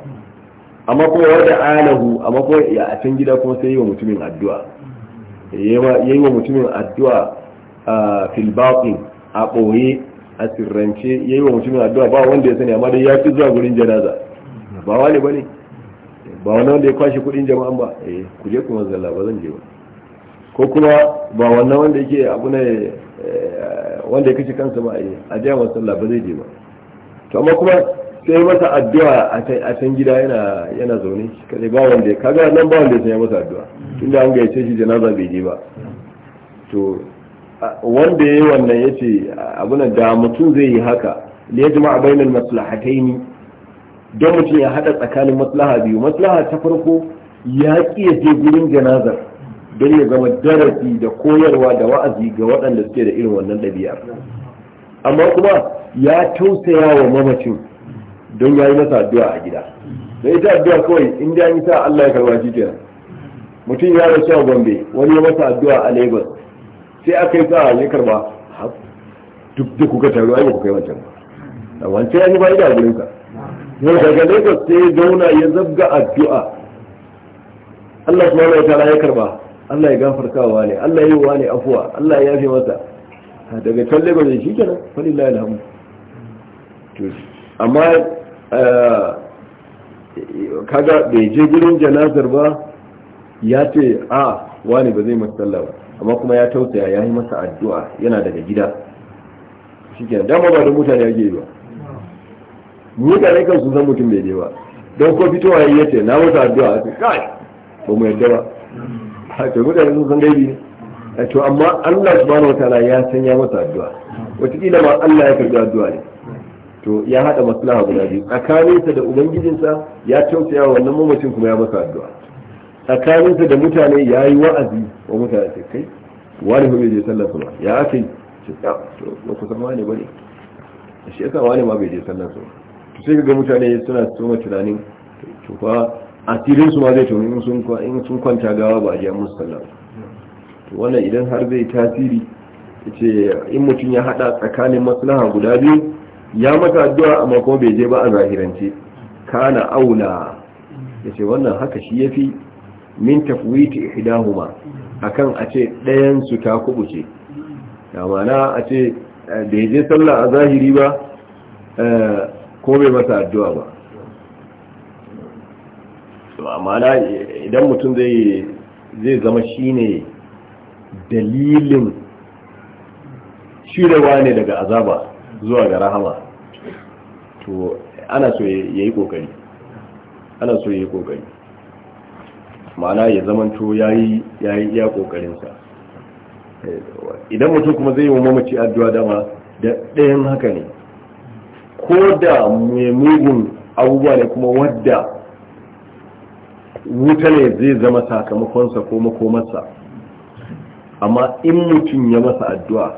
amma kuma wada alahu amma kuma ya a can gida kuma sai yi wa mutumin addu'a yayi wa mutumin addu'a a fil batin a boye a sirrance yayi wa mutumin addu'a ba wanda ya sani amma dai ya ki zuwa gurin janaza ba wani ne ba wani wanda ya kwashe kudin jama'an ba eh ku je kuma zalla ba zan je ba ko kuma ba wannan wanda yake abu ne eh, wanda ya kashe kansa ba eh a jiya masu sallah ba zai je ba to amma kuma sai masa addu'a a can gida yana yana zaune shi kare ba wanda kaga nan ba wanda ya sanya masa addu'a tunda an yace shi janaza bai je ba to wanda yayi wannan yace abuna da mutum zai yi haka liyajma'a bainal maslahataini don mutum ya haɗa tsakanin maslaha biyu maslaha ta farko ya ƙi ya je gurin janazar don ya zama darasi da koyarwa da wa'azi ga waɗanda suke da irin wannan ɗabi'ar amma kuma ya tausaya wa mamacin don ya yi masa addu'a a gida da ita addu'a kawai in da yi sa Allah ya karba shi kenan mutum ya rasu a Gombe wani ya masa addu'a a Lagos sai aka yi sa ya karba duk da kuka taru ai ba ku kai wancan ba wancan ya yi ba ida gurin ka ne daga lagos sai zauna ya zabga addu'a Allah subhanahu wa ta'ala ya karba Allah ya gafarta wa ne Allah ya yi wa ne afuwa Allah ya yafe masa daga can lagos ne shi kenan falillahi alhamdu to amma eh, kaga bai je gurin janazar ba ya ce a wani ba zai masalla ba amma kuma ya tausaya ya yi masa addu'a yana daga gida shi kenan dama ba da mutane ya yi ba Ni mutane kan sun san mutum bai je ba don ko fitowa ya ce na masa addu'a a ce kai ba mu yadda ba a to mutane sun san gaibi ne a to amma Allah subhanahu wataala ya san ya masa addu'a wataƙila ma Allah ya karbi addu'a ne to ya haɗa maslaha guda biyu sa da ubangijinsa ya tausaya wannan mamacin kuma ya masa addu'a sa da mutane ya yi wa'azi wa mutane ce kai wani kuma bai je sallar su ba ya ake ce Ya to ba san wani ba ne shi yasa wani ma bai je sallar su ba sai ga mutane suna tsoma tunanin to fa asirin su ma zai tuni in sun kwanta gawa ba a ji musu sallah to wannan idan har zai tasiri ce in mutum ya hada tsakanin maslaha guda biyu ya maka addu'a amma kuma bai je ba a zahirance kana auna. yace wannan haka shi yafi min tafwiti ihdahuma akan a ce ɗayan su ta kubuce da mana a ce da eh, ya je sallah a zahiri ba eh, ko bai masa addu'a ba amma na idan mutum zai zama shine dalilin shirewa ne daga azaba zuwa ga rahama to ana so ya yi kokari ana so ya yi kokari ma'ana ya zamanto ya yi iya kokarinsa eh, idan mutum kuma zai yi wa mamaci addu'a dama da ɗayan haka ne ko da mai mugun abubuwa ne kuma wadda wuta ne zai zama sakamakonsa ko makomarsa amma in mutum ya masa addu'a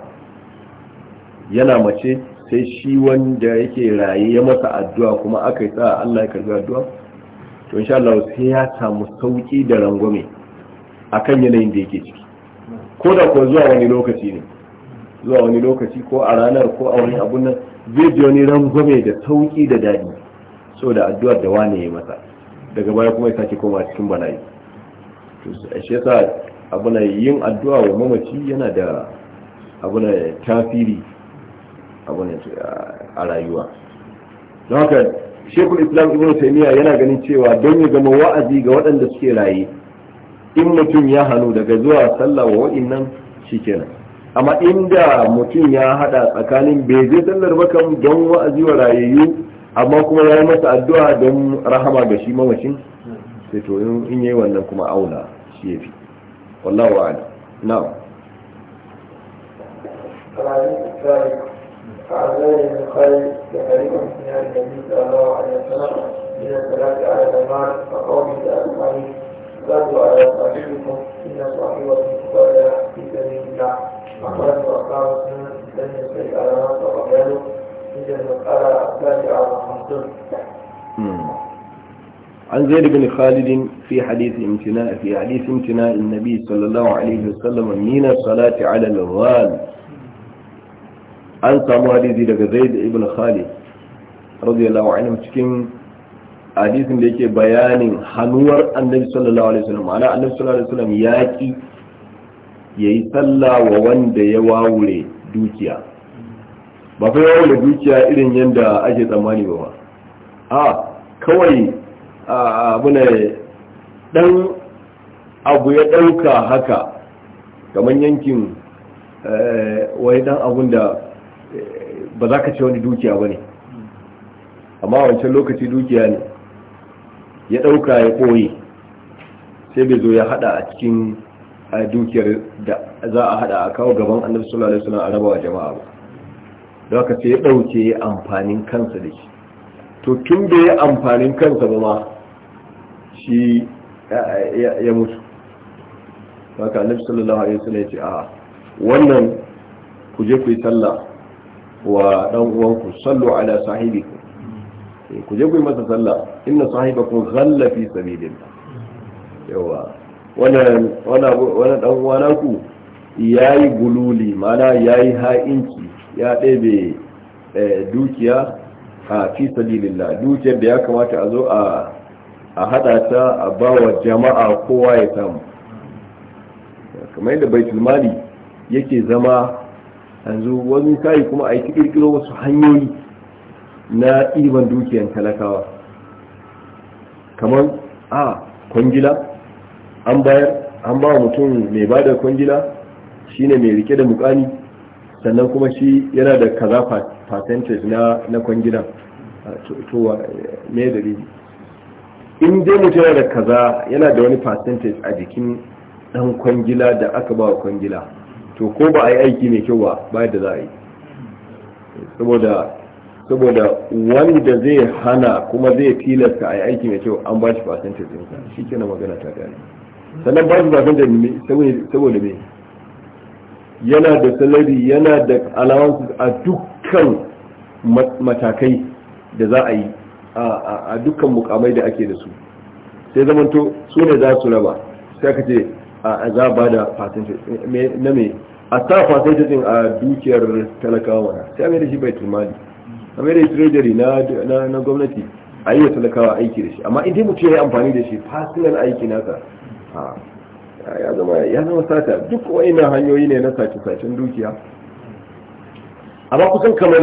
yana mace sai shi wanda yake raye ya masa addu'a kuma aka yi sa Allah ya karbi addu'a to insha Allah sai ya samu sauki da rangwame akan yanayin da yake ciki ko da kuwa zuwa wani lokaci ne zuwa wani lokaci ko a ranar ko a wani abun nan zai ji wani rangwame da sauki da daɗi da addu'ar da wane ya masa daga baya kuma ya sake koma cikin bala'i to shi yasa abuna yin addu'a wa mamaci yana da abuna tasiri abuna a rayuwa don haka shekul islam ibn taymiya yana ganin cewa don ya gama wa'azi ga waɗanda suke raye in mutum ya hannu daga zuwa sallah wa waɗannan shikenan amma inda mutum ya hada tsakanin bai zai sallar ba kan don wa'azi wa rayayyu amma kuma ya yi masa addu'a don rahama ga shi mamacin sai to in yi wannan kuma auna shi ya fi wallahu a'lam na'am فعلان البخاري Hmm. عن زيد بن خالد في حديث امتناء في حديث امتناء النبي صلى الله عليه وسلم من الصلاة على الغال عن سامو حديث زيد بن خالد رضي الله عنه مشكين حديث ليك بيان حنور النبي صلى الله عليه وسلم على النبي صلى الله عليه وسلم ياكي ya yi sallah wa wanda ya wawure dukiya ba fa wawure dukiya irin yadda ake tsammani ba a kawai abuna dan abu ya ɗauka haka kamar yankin eh, wani dan abun da eh, ba za ka ce wani dukiya ba ne amma wancan lokaci dukiya ne ya ɗauka ya ɓoye sai bai zo ya haɗa a cikin a dukiyar da za a hada a kawo gaban annabi sallallahu alaihi wasallam a rabawa jama'a ba da haka sai ya dauke amfanin kansa da shi to tun da ya amfanin kansa ba ma shi ya mutu haka annabi sallallahu alaihi wasallam ya ce a wannan ku je ku yi sallah wa dan uwanku sallu ala sahibikum eh, ku je ku yi masa sallah inna sahibakum ghalla fi sabilillah yawa wannan ɗan dan uwana ku yayi gululi Ya yi ha'inci ya ɗebe eh, dukiya a fi dukiyar da ya kamata a zo a a hada ta a bawa jama'a kowa ya samu kamar yadda baitul yake zama hanzu wani kai kuma a yi kirkiro wasu hanyoyi na ɗiban dukiyar talakawa kamar a kwangila an bayar an ba mutum mai ba da kwangila shine mai rike da mukami sannan kuma shi yana da kaza patentage na na kwangila to me ri in dai mutum yana da kaza yana da wani patentage a jikin dan kwangila da aka ba wa kwangila to ko ba a yi aiki mai kyau ba ba da za a yi saboda saboda wanda zai hana kuma zai tilasta a yi aiki mai kyau an ba shi fasantar ɗinsa shi na magana ta gani sannan ba su zafin da ne saboda me yana da salari yana da alawansu a dukkan matakai da za a yi a dukkan mukamai da ake da su sai zamanto su ne za su raba sai aka ce a za ba da na me a sa fasinta din a dukiyar talakawa na sai a da shi bai tumali a mai da treasury na gwamnati a yi wa talakawa aiki da shi amma idan mutum ya yi amfani da shi fasinan aiki nasa ya zama ya zama sata duk wa'ina hanyoyi ne na sace-sacen dukiya amma kusan kamar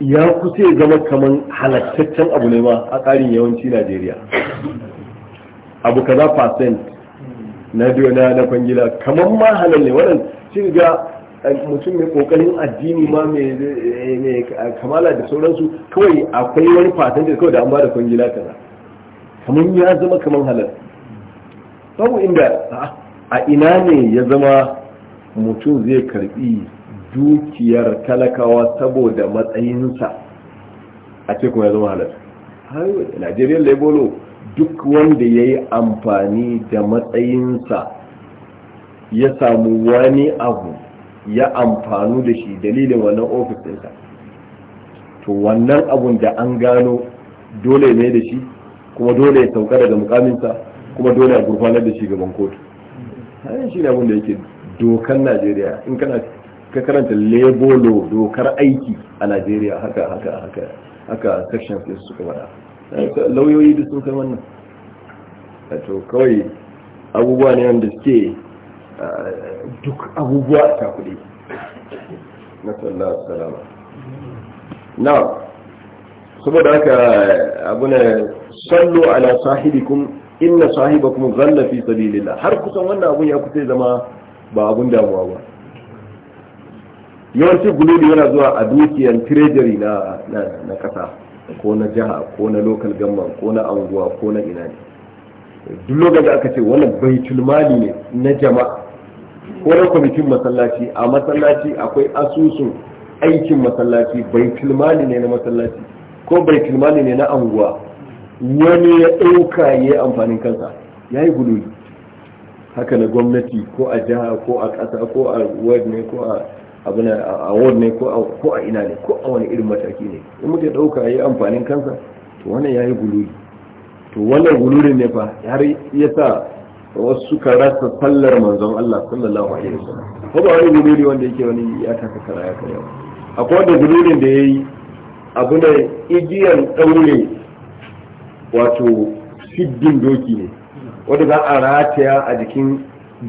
ya kusa zama kamar halattaccen abu ne ma a tsarin yawanci najeriya abu kaza percent na na na kwangila kamar ma halal ne wannan shi ga eh, mutum mai kokarin addini ma eh, mai kamala da sauransu kawai akwai wani percent da kawai da an ba da kwangila kaza kamar ya zama kamar halal babu inda a ina ne ya zama mutum zai karbi dukiyar talakawa saboda matsayinsa a ce kuma ya zama halar najeriya labolo duk wanda ya yi amfani da matsayinsa ya samu wani abu ya amfanu da shi dalilin wannan ofis ɗinsa to wannan abun da an gano dole ne da shi kuma dole ya sauka daga mukaminsa kuma dole a gurfanar da shi gaban kotu hanyar shi ne abin da yake dokan najeriya in kana ka karanta lebolo dokar aiki a najeriya haka haka haka haka section sai suka bada lauyoyi da sun kai wannan to kawai abubuwa ne wanda suke duk abubuwa a takudi na sallallahu salama na saboda haka abu na sallo ala sahibikum inna sahibakum zalla fi sabilillah har kusan wannan abun ya kusa zama ba abun damuwa ba yawanci da yana zuwa a dukiyan treasury na na kasa ko na jiha ko na local government ko na anguwa ko na ina ne duk lokacin da aka ce wannan baitul mali ne na jama'a ko na kwamitin masallaci a masallaci akwai asusun aikin masallaci baitul mali ne na masallaci ko baitul mali ne na anguwa wani ya ɗauka ya yi amfanin kansa ya yi gudu haka na gwamnati ko a jiha ko a ƙasa ko a ward ne ko a ne ko a ina ne ko a wani irin mataki ne in muka ɗauka ya yi amfanin kansa to wannan ya yi gudu to wannan gudu ne fa har ya sa wasu suka rasa sallar manzon Allah sallallahu alaihi wasallam ko ba wani guduri wanda yake wani ya taka kara ya karya akwai wanda gudurin da yayi abu ne igiyar ɗaure wato siddin doki ne wanda za a rataya a jikin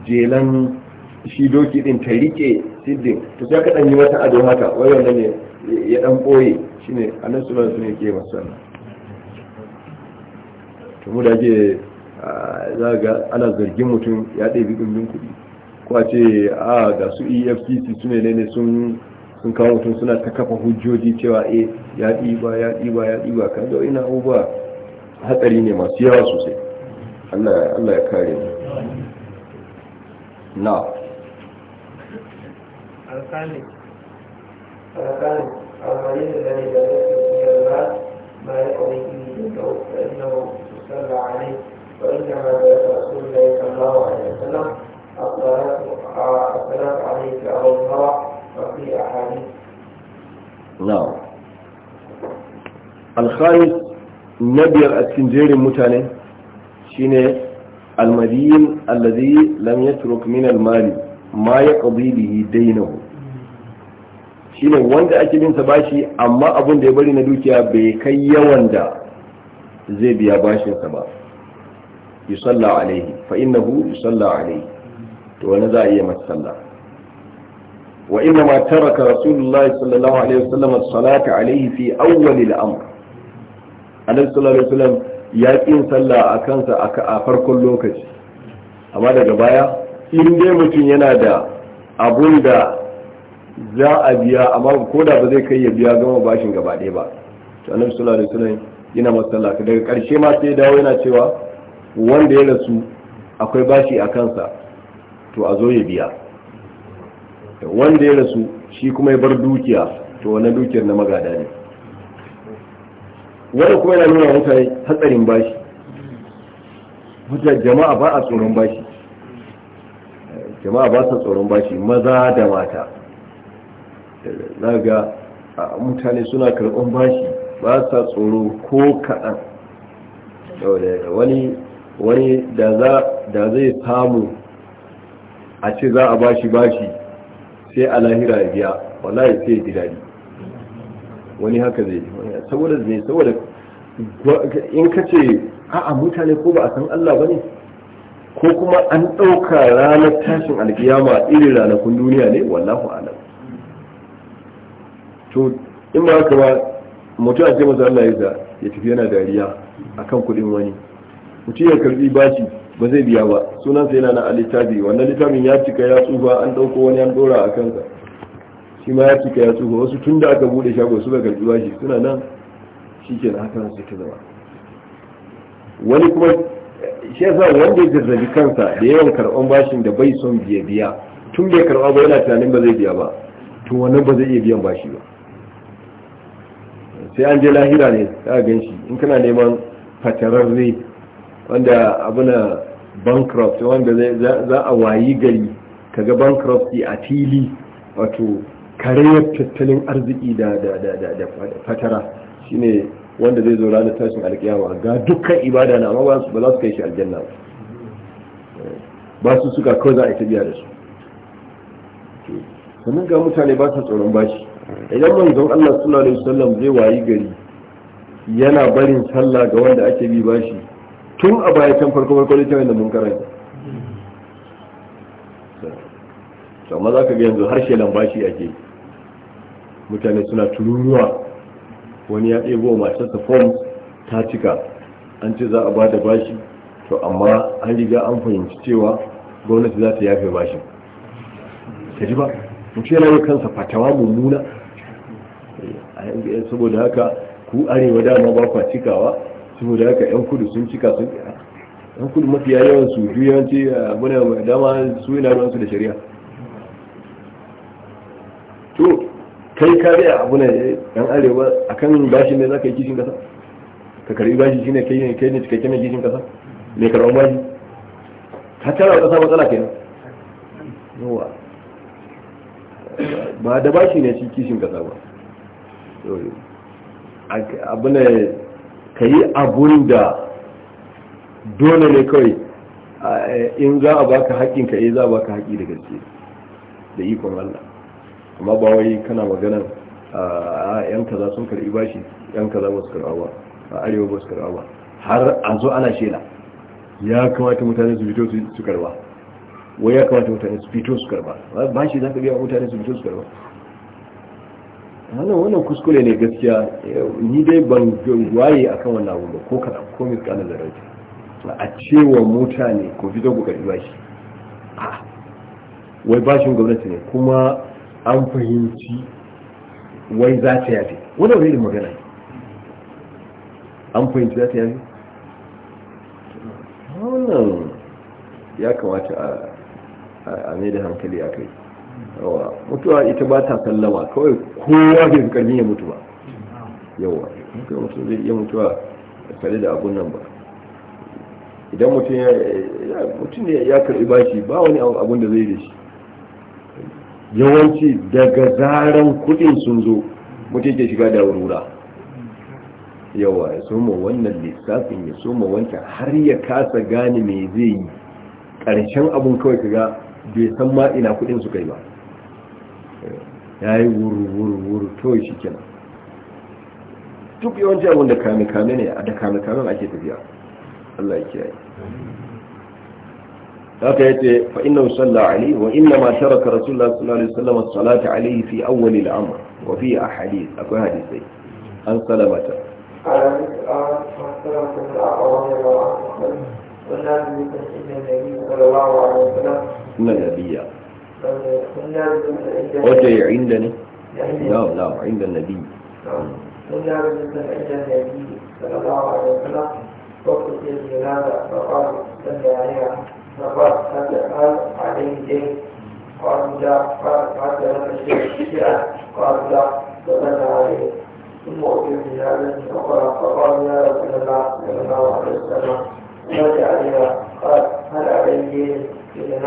jelan shi doki din ta rike siddin to sai ka dan yi mata ado haka wai wanda ne ya dan boye shine annabi sallallahu alaihi wasallam ke masu wannan to mu da ke za ga ana zargin mutum ya ɗebi ɗumbin kuɗi ko a ce a ga su efcc su ne ne sun sun kawo mutum suna ta kafa hujjoji cewa eh ya ba, ya ba, ya ba, kan da ina uba hatsari ne masu yawa sosai Allah ya kare mu na alkali alkali almari da zai da zai yarda ma ya kawai kiri da kawo da ina musalla a ne ba ina ma da ya rasu da ya kallawa a ya sallam السلام عليك أبو الله وفي أحاديث نعم الخامس na biyar a cikin jerin mutane shine almadiyin allazi lam yatruk min almali ma yaqdi bihi daynahu shine wanda ake bin sa bashi amma abin da ya bari na dukiya bai kai yawan da zai biya bashin sa ba yusalla alaihi fa innahu yusalla alaihi to wani za a iya masa sallah wa inna ma taraka rasulullahi sallallahu alaihi wasallam as-salata alaihi fi awwal al-amr annabi sallallahu alaihi wasallam ya sallah a kansa a farkon lokaci amma daga baya in dai mutum yana da abun da za a biya amma ko da ba zai kai ya biya gama bashin gaba ɗaya ba to annabi sallallahu alaihi wasallam yana masalla daga ƙarshe ma sai dawo yana cewa wanda ya rasu akwai bashi a kansa to a zo ya biya wanda ya rasu shi kuma ya bar dukiya to wannan dukiyar na magada ne wani kuma yana nuna mutane hatsarin bashi hujjar jama'a ba a tsoron bashi jama'a ba sa tsoron bashi maza da mata za ga mutane suna karɓar bashi ba sa tsoro ko kaɗan wani da zai samu a ce za a bashi bashi sai a lahira ya biya wallahi sai ji daɗi wani haka zai saboda zai saboda in ka ce a'a mutane ko ba a san Allah ba ne ko kuma an ɗauka ranar tashin alkiyama irin ranakun duniya ne wallahu alam to in ba haka ba mutum a ce masa Allah ya ya tafi yana dariya a kan kuɗin wani mutum ya karbi bashi ba zai biya ba sunansa yana na a littafi wannan littafin ya cika ya tsufa an ɗauko wani an ɗora a kansa shi ma ya cika ya tsufa wasu tun da aka bude shago su suka zuwa shi suna nan shi ke haka zama wani kuma shi yasa wanda ya zazzabi kansa da yawan karɓar bashin da bai son biya biya tun bai karɓa ba yana tunanin ba zai biya ba tun wannan ba zai iya biyan bashi ba sai an je lahira ne za gan shi in kana neman fatararre wanda abuna bankrupt wanda za a wayi gari kaga bankruptcy a tili wato karayar tattalin arziki da fatara shine wanda zai zo ranar tashin alkiyawa ga dukkan ibada na amma ba za su kai shi aljanna ba su suka kawai za a yi tabiya da su sannan ga mutane ba su tsoron bashi idan manzon Allah sallallahu alaihi Sallam zai wayi gari yana barin sallah ga wanda ake bi bashi tun a baya can farko farko da ita da mun karanta to amma za ka ga yanzu harshe lambashi ake mutane suna turuwa wani ya ɗebo matarsa form ta cika an ce za a ba da bashi to amma an riga an fahimci cewa gwamnati za ta yafe bashin ta ji ba mutu yana yi kansa fatawa mummuna eh, saboda haka ku arewa dama ba kwa cikawa saboda haka yan kudu sun cika sun yan kudu mafiya yawan su yawanci eh, muna dama su yana ruwansu da shari'a kai kare a abu ne dan arewa akan bashi ne zaka yi kishin kasa ka karbi bashi shine kai ne kai ne cikakken mai kishin kasa mai karɓar bashi ka tara kasa matsala kenan yawa ba da bashi ne shi kishin kasa ba abu ne ka yi abun da dole ne kawai eh, in za a baka haƙƙin ka yi eh, za a baka haƙƙi da gaske da ikon Allah amma ba wai kana magana a yan kaza sun karbi bashi yan kaza ba su karba ba a arewa ba su karba ba har a zo ana shela ya kamata mutane su fito su karba wai ya kamata mutane su fito su karba bashi za ka biya mutane su fito su karba wannan wannan kuskure ne gaskiya ni dai ban waye akan wannan abu ba ko kaɗan ko mai kanan da rauti a cewa mutane ko fito ku karbi bashi wai bashin gwamnati ne kuma an fahimci wai za ta yafe wani wani magana an fahimci za ta yafe wannan ya kamata a mai da hankali a kai yawa mutuwa ita ba ta sallama kawai kowa bai karni ya mutu ba yawa mutuwa mutu zai iya mutuwa tare da abun nan ba idan mutum ya karbi bashi ba wani abun da zai da shi yawanci daga zaren kudin sun zo mutum ke shiga da wurura yawa ya soma wannan lissafin ya soma wancan har ya kasa gane me zai yi ƙarshen abun kawai ga bai san ma ina kudin su kai ba ya yi wuru wuru kawai shi kina duk yawanci abin da kame-kame ne a da kame-kamen ake tafiya Allah ya kiyaye haka yace fa inna salla alayhi wa inna ma taraka rasulullah sallallahu alaihi wasallam as-salata alayhi fi awwal al-amr wa fi ahadith akwai hadisi an salamata النبي وجه عندنا لا لا عند النبي قلنا بالنسبة عند النبي صلى الله عليه وسلم وقت الجنازة فقال صلى عليها فقد عليه قال لا قال قال الشيعة قال لا فمن عليه ثم أتي بهذا أخرى فقال يا رسول الله صلى الله عليه وسلم ماذا عليها؟ قال هل عليه قيل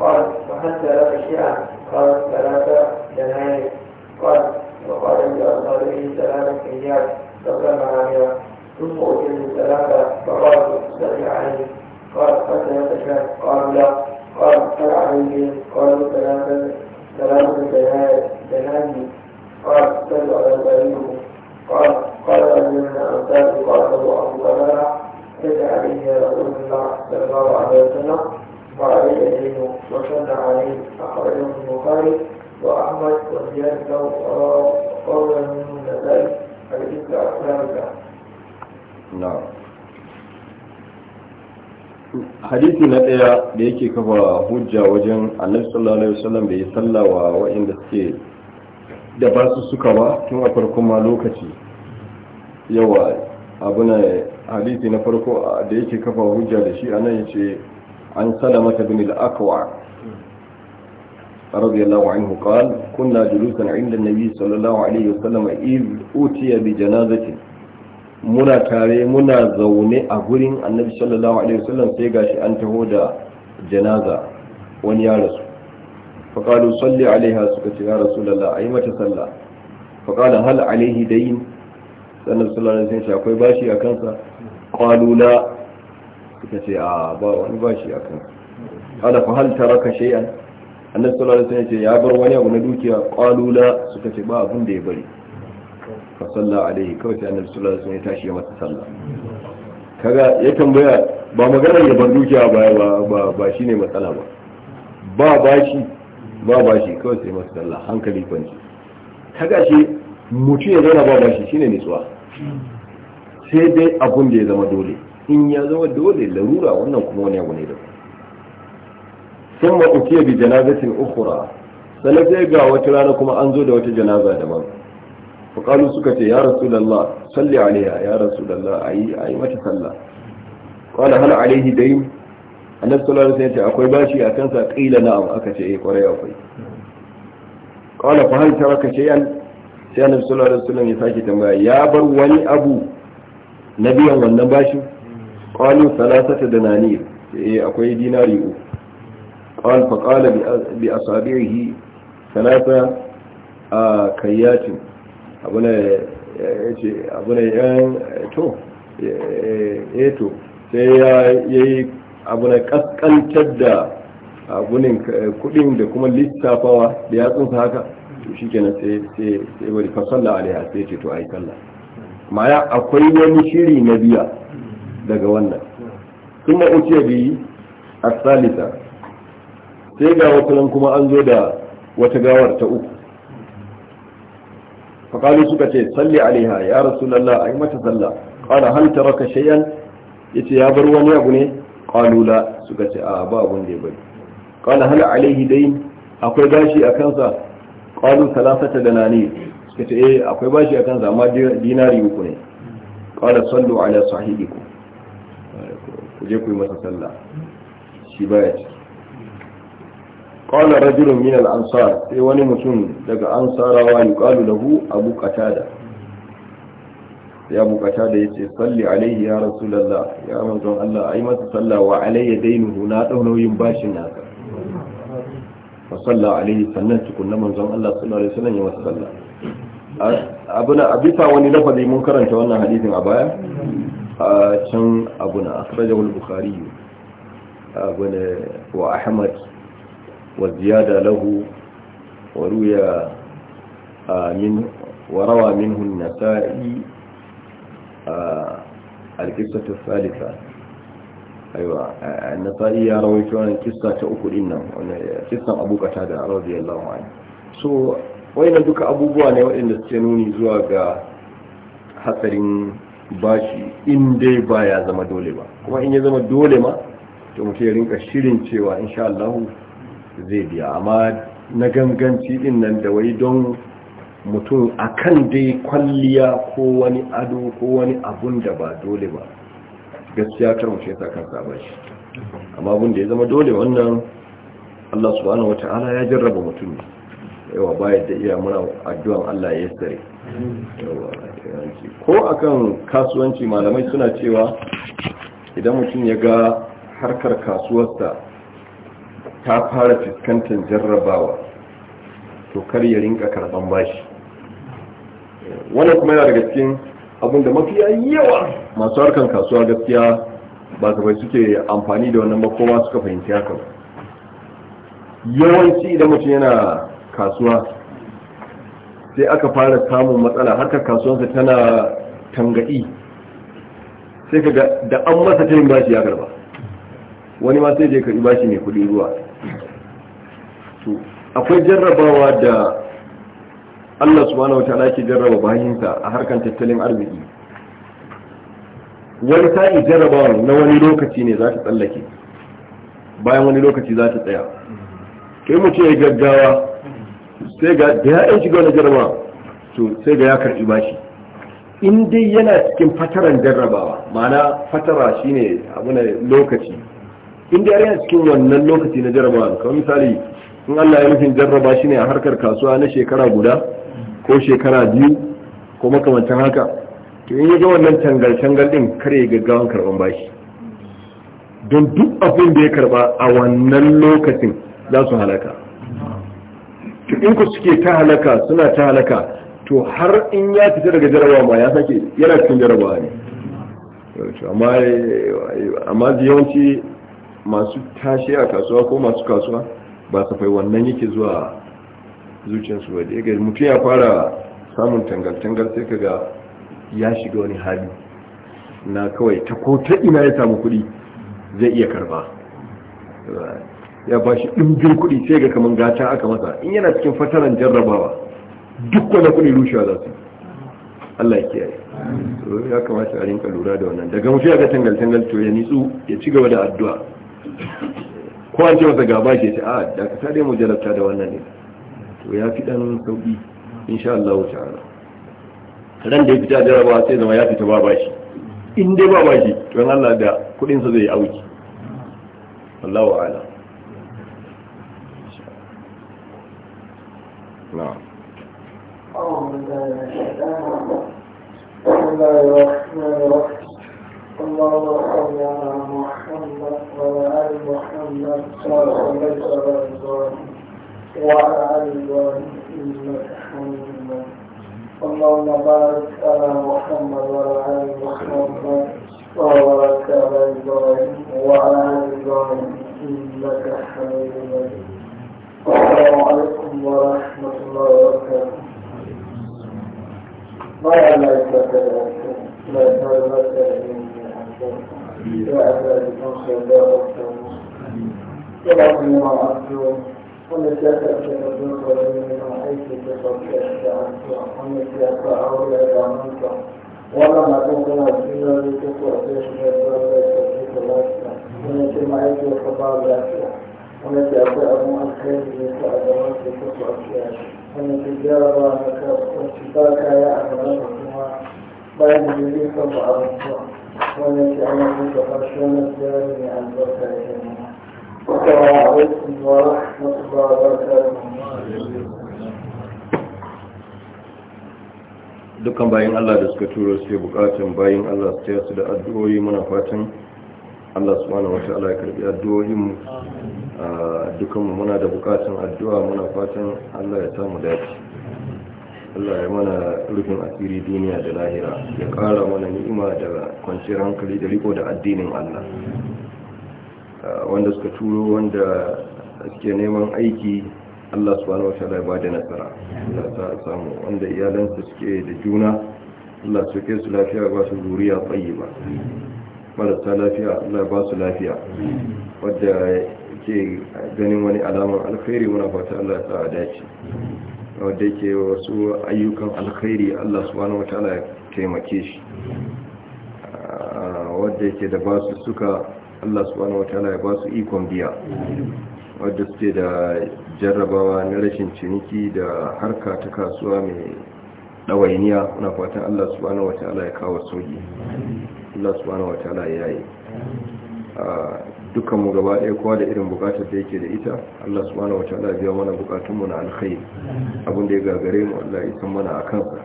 قال وهل ثلاث قال ثلاثة دنانير قال وقال لأصحابه ثلاثة عليها ثم أتي بثلاثة فقال سمع عليه قال فثلاثة قال لا قال اطلع عليه قالوا ثلاثة ثلاثة دنانير قال صلوا على غيرهم قال قال من الأنصار قاتلوا أبو بكر سد عليه رسول الله صلى الله عليه وسلم وعليه دينه وصلى عليه أخرجه البخاري وأحمد وزيادة قولا من النسائي حديث أخلاقه نعم hadisi na daya da yake kafa hujja wajen annabi sallallahu alaihi wasallam da ya sallawa waɗanda suke da ba su suka ba tun a farkon ma lokaci yawa abu na hadisi na farko da yake kafa hujja da shi anan yace an ta bin al-aqwa رضي الله عنه قال كنا جلوسا عند النبي صلى الله عليه وسلم إذ أوتي بجنازة muna tare muna zaune a gurin annabi sallallahu alaihi wasallam sai gashi an taho da janaza wani ya rasu faƙalu salli alaiha suka ce ya rasulallah a yi mata sallah faƙala hal alaihi dayin sannan sallallahu alaihi wasallam akwai bashi a kansa ƙwalu la suka ce a ba wani bashi a kansa ƙala fa hal taraka shay'an annabi sallallahu alaihi wasallam ya bar wani abu na dukiya ƙwalu la suka ce ba abin da ya bari fasalla a dai kawai sai annabi sallallahu alaihi wasallam ya tashi ya masa sallah kaga ya tambaya ba magana da ban dukiya ba ba ba shine matsala ba ba bashi ba bashi kawai sai masa sallah hankali kwanci kaga shi mutu ya zauna ba bashi shine nitsuwa sai dai abun da ya zama dole in ya zama dole larura wannan kuma wani abu ne da sun ma'ukiya bi janazatin ukhra sannan sai ga wata rana kuma an zo da wata janaza daban faƙalu suka ce ya rasulallah salli alaiha ya rasulallah a yi a yi mata sallah kwana hana Alayhi dai annabi sallallahu alaihi wasallam akwai bashi a kansa qila na'am aka ce eh kwarai akwai kwana fa hal taraka shay'an sai annabi sallallahu alaihi wasallam ya sake tambaya ya bar wani abu na biyan wannan bashi qalu salasata dananir eh akwai dinari uku qal fa qala bi asabihi salasa kayyatin Abu na yan to ya eh, to sai ya yi abuna kaskantar da abunin eh, kudin da kuma littafawa da ya tsunsa haka to shi kenan sai bari fasalla alaiha sai ce to yi kalla maya akwai wani shiri na biya daga wannan kuma uce biyi a salisa sai ga wata kuma an zo da wata gawar ta uku faƙalu suka ce salli alaiha ya rasulallah a yi mata sallah ƙala hal taraka shay'an yace ya bar wani abu ne ƙalu suka ce a ba abun da ya bari ƙala hal alaihi dai akwai gashi a kansa ƙalu salasata da nani suka ce eh akwai bashi a kansa amma dinari uku ne ƙala sallu ala sahibiku ku je ku yi masa sallah shi baya ciki qala rajulun min al-ansar sai wani mutum daga ansarawa yuqalu lahu abu qatada sai abu qatada yace salli alaihi ya rasulullah ya manzon Allah ai masa salla wa alayya dainuhu na dau nauyin nasa fa salla alaihi sannan tukunna manzon Allah sallallahu alaihi wasallam ya masa salla abuna abisa wani lafazi mun karanta wannan hadisin a baya a can abuna bukhari ahmad والزيادة له وروي من وروى منه النسائي القصة الثالثة أيوة النسائي رويت عن قصة أكل إنه قصة أبو قتادة رضي الله عنه so wayan duka abubuwa ne waɗanda suke nuni zuwa ga hatsarin bashi in dai ba ya zama dole ba kuma in ya zama dole ma to mutum ya rinka shirin cewa insha zai biya amma na ganganci din nan da wai don mutum akan dai kwalliya ko wani ado ko wani abun da ba dole ba gaskiya kar mu ya ta ba shi amma abun da ya zama dole wannan Allah subhanahu wataala ya jarraba mutum ne yawa bayan da iya muna addu'an Allah ya sare ko akan kasuwanci malamai suna cewa idan mutum ya ga harkar kasuwarsa ta fara fuskantar jarrabawa to kar ya rinka karban bashi wannan kuma yana daga cikin abinda mafi yawa masu harkan kasuwa gaskiya ba su bai suke amfani da wannan makoma suka fahimci haka yawanci idan mutum yana kasuwa sai aka fara samun matsala harkar kasuwansa tana tangadi sai ka da an masa tayin bashi ya karba wani ma sai je karbi bashi mai kudi ruwa to akwai jarrabawa da Allah subhanahu ta'ala ke jarraba bayinsa a harkan tattalin arziki wani sa'i jarrabawa na wani lokaci ne za ta tsallake bayan wani lokaci za ta tsaya kai mu ce gaggawa sai ga da ya shiga wani jarrabawa to sai ga ya karɓi bashi in dai yana cikin fataran jarrabawa ma'ana fatara shine abu ne lokaci in dai yana cikin wannan lokaci na jarrabawa kamar misali in Allah ya rufin jarraba shi ne a harkar kasuwa na shekara guda ko shekara biyu ko makamancin haka to in ga wannan tangal tangal din kare gaggawan karban bashi don duk abin da ya karba a wannan lokacin za su halaka to in ku suke ta halaka suna ta halaka to har in ya fita daga jarabawa ma ya sake yana cikin jarabawa ne amma yawanci masu tashi a kasuwa ko masu kasuwa ba fai wannan yake zuwa zuciyarsu ba da ya mutu ya fara samun tangal-tangal sai kaga ya shiga wani hali na kawai ta ko ta ina ya samu kuɗi zai iya karba ya ba shi ɗimbin kudi sai ga kamar gata aka masa in yana cikin fataran jarrabawa duk wani kuɗi rushewa za su Allah ya kiyaye ya kamata a rinka lura da wannan daga mutu ya ga tangal-tangal to ya nitsu ya ci gaba da addu'a ko an ce masa gaba ke ce a ah, da ka tare mu jarabta da wannan ne to ya fi dan sauki insha Allah ta'ala ran da ya fita jarabawa sai zama ya fita ba bashi in dai ba bashi to Allah da kudin sa zai auki wallahu a'lam نعم أعوذ بالله من الشيطان الرجيم بسم الله الرحمن الرحيم اللهم صل على محمد وعلى ال محمد كما صليت على ابراهيم وعلى ال ابراهيم انك حميد مجيد اللهم بارك على محمد وعلى ال محمد وبارك على ابراهيم وعلى ال ابراهيم انك حميد مجيد السلام عليكم ورحمه الله وبركاته ما لا يتكلم لا يتكلم يا أبا المنصر لا أكثر طلعت من عبدون قلت لا تأتي أبوك ولم حيث تقد أشتعت قلت لا تعود إلى منك ولما تقرأ فيها لتقرأ تشهد ولا تقرأ لك قلت معك الخبر لك قلت أبو الخير لتأدمك تقرأ فيها قلت الجارة لك قلت باك يا أبو الله بين جريك وأبو الله dukkan bayan Allah da suka turo sai bukatun bayan Allah su su da addu'o'i muna fatan Allah su wata wataala ya karbi addu'o'i mu ah, dukkan mu muna da bukatun addu'a muna fatan Allah ya samu dace Allah ya mana rufin asiri duniya da lahira ya kara mana ni'ima da kwanciyar hankali da riko da addinin Allah ah, wanda suka turo wanda suke neman aiki Allah subhanahu wa ta'ala ba da nasara Allah ta samu wanda iyalansa suke da juna Allah suke su lafiya ba su zuriya ba marasa lafiya Allah ba su lafiya wadda ke ganin wani alamar alkhairi muna fata Allah ta dace wadda yake wasu ayyukan alkhairi Allah subhanahu wataala ya taimake shi ah, wadda yake da ba su suka Allah subhanahu ta'ala ya ba su ikon biya wadda suke da jarrabawa na rashin ciniki da harka ta kasuwa mai ɗawainiya na fatan Allah subhanahu ta'ala ya kawo sauki Allah subhanahu ta'ala ya yi ah, dukkan mu gaba ɗaya kowa da irin bukatar da yake da ita Allah subhanahu wa ta'ala biya mana bukatun mu na alkhair abun da ya gagare mu Allah ya san mana akan sa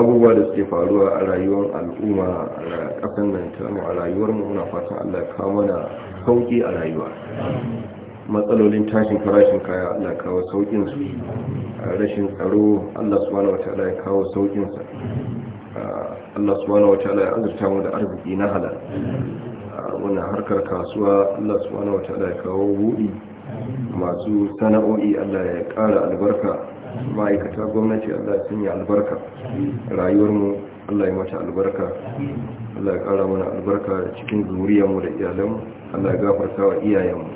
abubuwa da suke faruwa a rayuwar al'umma a ƙasar nan ta mu a rayuwar mu muna fatan Allah ya kawo mana sauki a rayuwa matsalolin tashin farashin kaya Allah kawo saukin su rashin tsaro Allah subhanahu ta'ala ya kawo saukin sa Allah subhanahu ta'ala ya azurta mu da arziki na halal wannan harkar kasuwa Allah subhanahu wataala ya kawo buɗi masu sana'o'i Allah ya ƙara albarka ma'aikata gwamnati Allah ya sanya albarka rayuwarmu Allah ya mata albarka Allah ya ƙara mana albarka cikin zuriyarmu da iyalanmu Allah ya gafarta wa iyayenmu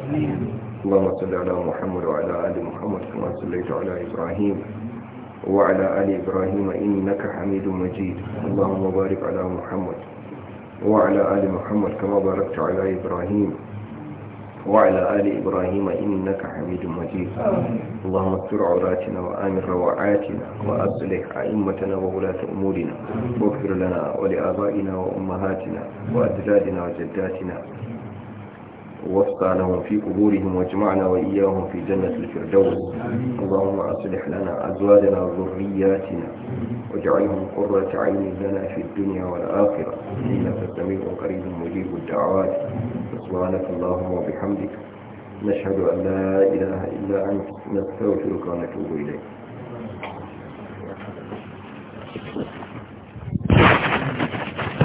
اللهم صل على محمد وعلى آل محمد كما صليت على إبراهيم وعلى آل إبراهيم إنك حميد مجيد اللهم بارك على محمد وعلى آل محمد كما باركت على إبراهيم وعلى آل إبراهيم إنك حميد مجيد اللهم استر عوراتنا وآمن روعاتنا وأصلح أئمتنا وولاة أمورنا واغفر لنا ولآبائنا وأمهاتنا وأجدادنا وجداتنا ووفق لهم في قبورهم واجمعنا وإياهم في جنة الفردوس اللهم أصلح لنا أزواجنا وذرياتنا واجعلهم قرة عين لنا في الدنيا والآخرة إنك سميع قريب مجيب الدعوات سبحانك اللهم وبحمدك نشهد أن لا إله إلا أنت نستغفرك ونتوب إليك